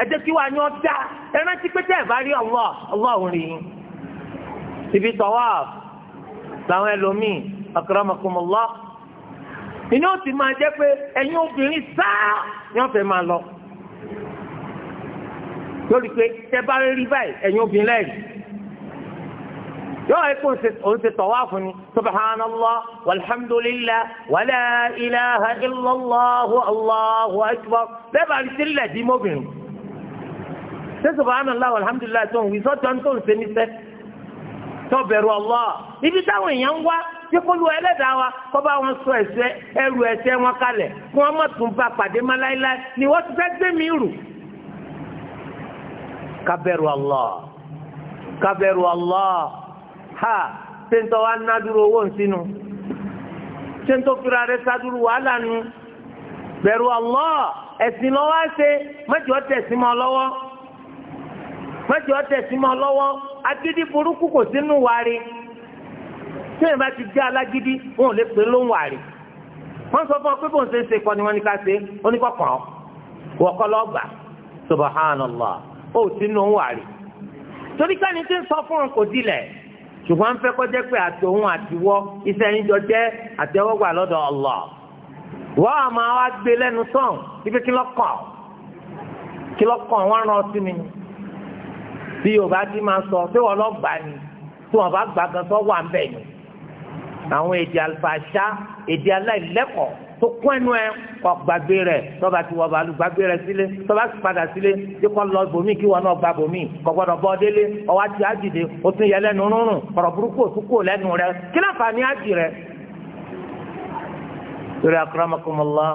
ẹ jẹ́ kí wàá yan dá ẹ rántí pé tẹ́ ẹ bá rí Allah Allah ò rí yín. ibi tawaf làwọn ẹlòmíì akramakumullah iná ó ti máa jẹ́ pé ẹ̀yin obìnrin sáà ni wọ́n fẹ́ máa lọ lórí pé tẹ́ bá rí báyìí ẹ̀yin obìnrin lẹ́yìn yóò rí pé òun ti tọ̀wá fún ni subhanallah walhamdulillah wala ilaha illallah allahu akbar lẹ́bàá rí sílẹ̀ dì mọ́bìnrin ṣé subhanallah walhamdulillah tó ń wí sọ́jọ́ tó ń ṣe níṣẹ́ tó bẹ̀rù Allah ibi táwọn èèyàn ń wá tí kò lu ẹlẹ́dàá wa kó bá wọn sọ ẹ̀ṣẹ̀ ẹrù ẹ̀ṣẹ̀ wọn kalẹ̀ kí wọ́n má tún bá pàdé má láéláé ni wọ́n ti fẹ́ gbé mi rù. ká bẹ̀rù Allah ká bẹ̀rù Allah. ha ṣé ń tọ́ wá ná dúró owó ńsínú ṣé ń tó fira rẹ sádúró wàhálà nu bẹ̀rù Allah ẹ̀sìn lọ́wọ́ ṣe mẹ́jọ tẹ̀sí mọ́ lọ́wọ́ mẹ́jọ tẹ̀sí mọ́ lọ́wọ́ agídí burúkú kò sínú wàrí tí èèyàn bá ti jẹ́ alágídí wọn ò lè pè ló ń wàrí wọ́n sọ fún ọ pé bóun ṣe ń ṣe kọ́ ni ní ká ṣe oníkọ̀kan wọ̀kọ́ lọ́gbà subhanallah ó sínú wàrí torí káni tí ń sọ fún ọ kò dilẹ̀ ṣùgbọ́n ń fẹ́ kọjá pé àtòun àtiwọ́ iṣẹ́ yín jọ jẹ́ àtẹ́wọ́gbà lọ́dọ̀ Allah wọ́n á máa wá gbé lẹ́nu tán ibi kí lọ́kàn kí lọ́kàn wọ́n rán sí mi tí yorùbá ti máa sọ pé wọ́n lọ gbà ní tí wọ́n bá gbà gan sọ wà ń bẹ̀ ni àwọn èdè àlùfàṣà èdè aláìlẹ́kọ̀ọ́ tó kún ẹnu ẹ kọ gbàgbé rẹ tọba ti wọ bàálù gbàgbé rẹ sílé tọba ti padà sílé tí kò lọ bòmí kí wọn náà gba bòmí kò gbọdọ̀ bọ délé ọwọ àti àjìdè o tún yẹ lẹ́nu rúnrún ọ̀rọ̀ burúkú òtún kò lẹ́nu rẹ kí láǹfààní àjì rẹ. torí akramakumullah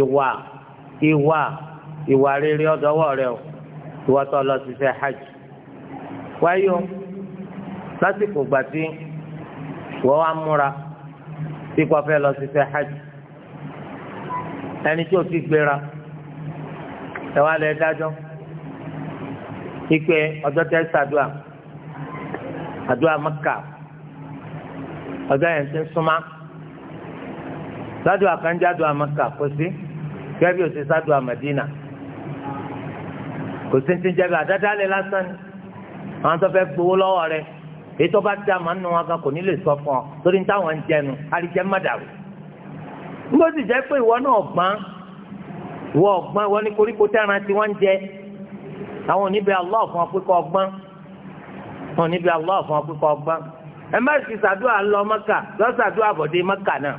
ìwà ìwà ìwà rere ọdọwọ rẹ o ìwà tó lọ sí ṣe hajj wáyé o lásìkò gbàtí wọ́n wá múra kíkọ́ fẹ́ lọ sí fẹ́ hajj ẹni tí o ti gbéra ẹ wá lọ ẹ dájọ́ kíkẹ́ ọjọ́ tẹ́ sàdúà àdúà Mẹ́kà ọjọ́ yẹn ti súnmá sàdúà kan jẹ́ àdúà Mẹ́kà kò sí gẹ́bí o ti sàdúà Mẹ́dínà kò sí ti jẹ́bi àdádálẹ̀ lásán ni àwọn tó fẹ́ gbowó lọ́wọ́ rẹ̀ èyí tó bá dá màá nù wọn kan kò ní lè sọ fún ọ torí ní táwọn ń jẹnu àríjẹ má dàrú nígbà tí jẹ́ pé ìwọ náà gbọ́n ìwọ ọ̀gbọ́n ìwọ ní koríko tẹ́ran tí wọ́n ń jẹ àwọn oníbẹ̀ Allah fún ọpẹ́kọ̀ ọgbọ́n àwọn oníbẹ̀ Allah fún ọpẹ́kọ̀ ọgbọ́n ẹ má sì ṣàdúrà lọ Mẹ́kà lọ ṣàdúrà bọ̀dé náà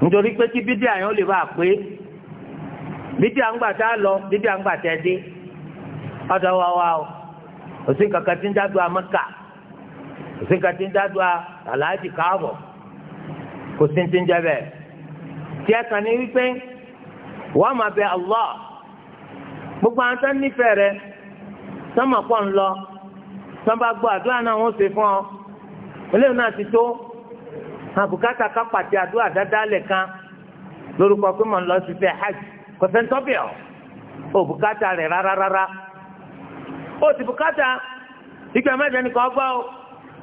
nítorí pé kí bídíà yẹn ó lè bá a pé bídíà ń gbà tá a lọ bídíà ń gbà tẹ́ dé ọ̀dọ̀ wa wa o òsín kankan tí ń dádùn Mẹ́kà kò sí ń dádúà aláàjì káàbọ̀ kò sí ń jẹ tí ẹ kàn ní wípé wàá máa bẹ Allah gbogbo àwọn tó nífẹ̀ẹ́ rẹ pọ̀ gbọ́ àdúrà náà wọ́n ṣe lórúkọ pé ń lọ sí fẹ́ hajj kò fẹ́ ń tọ́ bùkátà rẹ̀ rárá rárá ó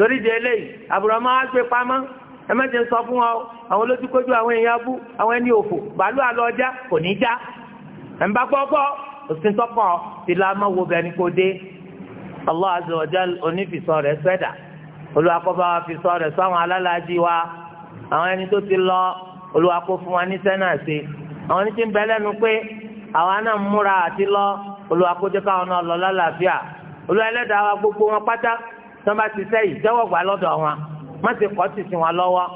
torí di eléyìí àbùrọ̀ máa gbé pamọ́ ẹ má ti sọ fún wa o àwọn olójúkójú àwọn èèyàn abú àwọn ẹni òfò bàálù àlọ́ ọjà kò ní já ẹ̀ ń bá gbọ́gbọ́ òsì tọ́pọ̀ ti la má wo bẹ́ẹ̀ ni kò dé Allah azza wa jal onífìsọ rẹ̀ sẹ́dà olùwàkọ́bá wa fìsọ rẹ̀ sọ àwọn alálàájì wa àwọn ẹni tó ti lọ olùwàkọ́ fún wa ní sẹ́nà sí àwọn ẹni tí ń bẹ lẹ́nu pé àwa náà múra àti lọ olùwàkọ́ jẹ́ káwọn náà lọ lálàáfíà olùwàlẹ́dàá wa gbogbo wọn pátá tí wọ́n bá ti sẹ́yìn jẹ́wọ́ gbà lọ́dọ̀ wọn má ti kọ́ ti sìn wọn lọ́wọ́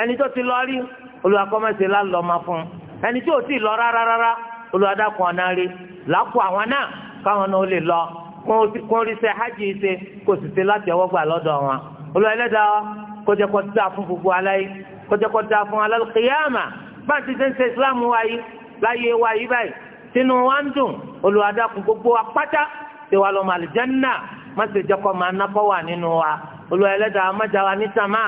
ẹni tó ti lọ rí olùwàkọ́mọ́sẹ̀ lálọ́ máa fún un ẹni tí ò tí ì lọ rárá rárá olùwàdàkùn ọ̀nà rí làákù àwọn náà káwọn náà lè lọ kún orí sẹ́ hajj ṣe kò sì ṣe láti ọwọ́ gbà lọ́dọ̀ wọn olùwà ẹlẹ́dàá kó jẹ́ kó dáa fún gbogbo aláyé kó jẹ́ kó dáa fún alálùkìyàmà bá ti ṣe ń ṣe islam wáyé láyé wáyé báyìí tinú wa ń dùn olùwàdàkùn gbogbo apáta ṣe wà lọ́mọ àlìjẹ́nnà má ṣe jẹ́kọ́ máa nákọ́ wà nínú wa olúwa ẹlẹ́dàá má jà wá ní sàmà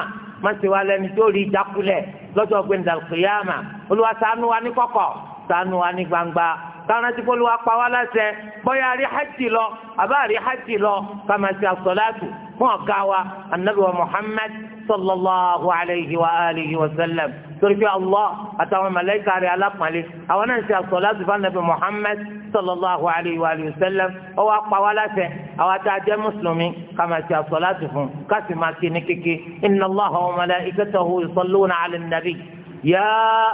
má ṣe wá lẹ́ni tó rí ìjákulẹ̀ lọ́jọ́ gbẹ̀ndàkìyàmà olúwa ṣàánú wa ní kọ̀kọ̀ ṣàánú wa ní gbangba kárántí kó olúwa pa wá láṣẹ bóyá rí hajj lọ àbá rí hajj lọ kàmá asọ́láàtù fún ọ̀gá wa anabi muhammad sallallahu alayhi wa alihi wa sallam torí pé allah àtàwọn màláíkà rẹ̀ alápọ̀nlé àwọn náà ń ṣe àsọ̀láàtù fún anabi muhammed sallallahu alayhi wa sallam ó wá pa wá láṣẹ àwọn àti ajẹ́ mùsùlùmí ká máa ṣe àsọ̀láàtù fún ká sì máa ṣe ní kéke inna allah wa malaikatahu yusalluna ala nabi ya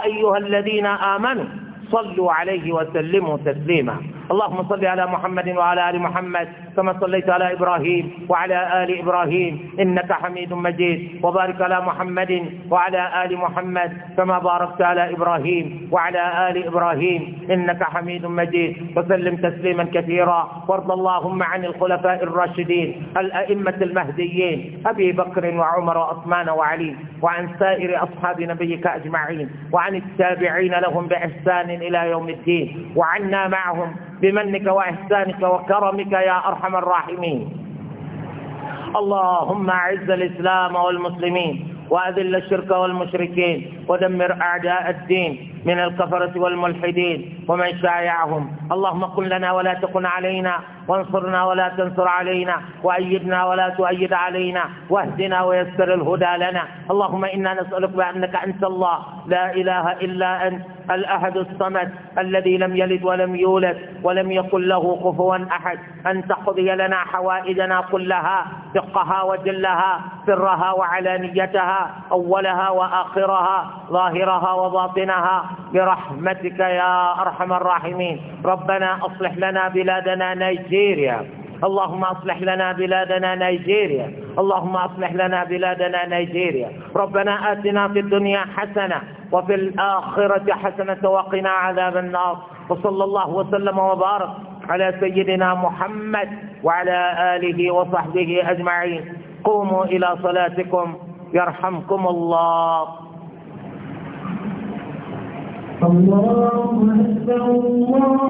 ayyuhalladhina amanu sallu alayhi wa sallimu taslima. اللهم صل على محمد وعلى آل محمد كما صليت على إبراهيم وعلى آل إبراهيم إنك حميد مجيد وبارك على محمد وعلى آل محمد كما باركت على إبراهيم وعلى آل إبراهيم إنك حميد مجيد وسلم تسليما كثيرا وارض اللهم عن الخلفاء الراشدين الأئمة المهديين أبي بكر وعمر وعثمان وعلي وعن سائر أصحاب نبيك أجمعين وعن التابعين لهم بإحسان إلى يوم الدين وعنا معهم بمنك وإحسانك وكرمك يا أرحم الراحمين اللهم أعز الإسلام والمسلمين وأذل الشرك والمشركين ودمر أعداء الدين من الكفرة والملحدين ومن شايعهم اللهم قل لنا ولا تقن علينا وانصرنا ولا تنصر علينا وأيدنا ولا تؤيد علينا واهدنا ويسر الهدى لنا اللهم إنا نسألك بأنك أنت الله لا إله إلا أنت الأحد الصمد الذي لم يلد ولم يولد ولم يكن له كفوا أحد أن تقضي لنا حوائجنا كلها دقها وجلها سرها وعلانيتها أولها وآخرها ظاهرها وباطنها برحمتك يا أرحم الراحمين ربنا أصلح لنا بلادنا نجد نيجيريا اللهم أصلح لنا بلادنا نيجيريا اللهم أصلح لنا بلادنا نيجيريا ربنا آتنا في الدنيا حسنة وفي الآخرة حسنة وقنا عذاب النار وصلى الله وسلم وبارك على سيدنا محمد وعلى آله وصحبه أجمعين قوموا إلى صلاتكم يرحمكم الله الله أكبر الله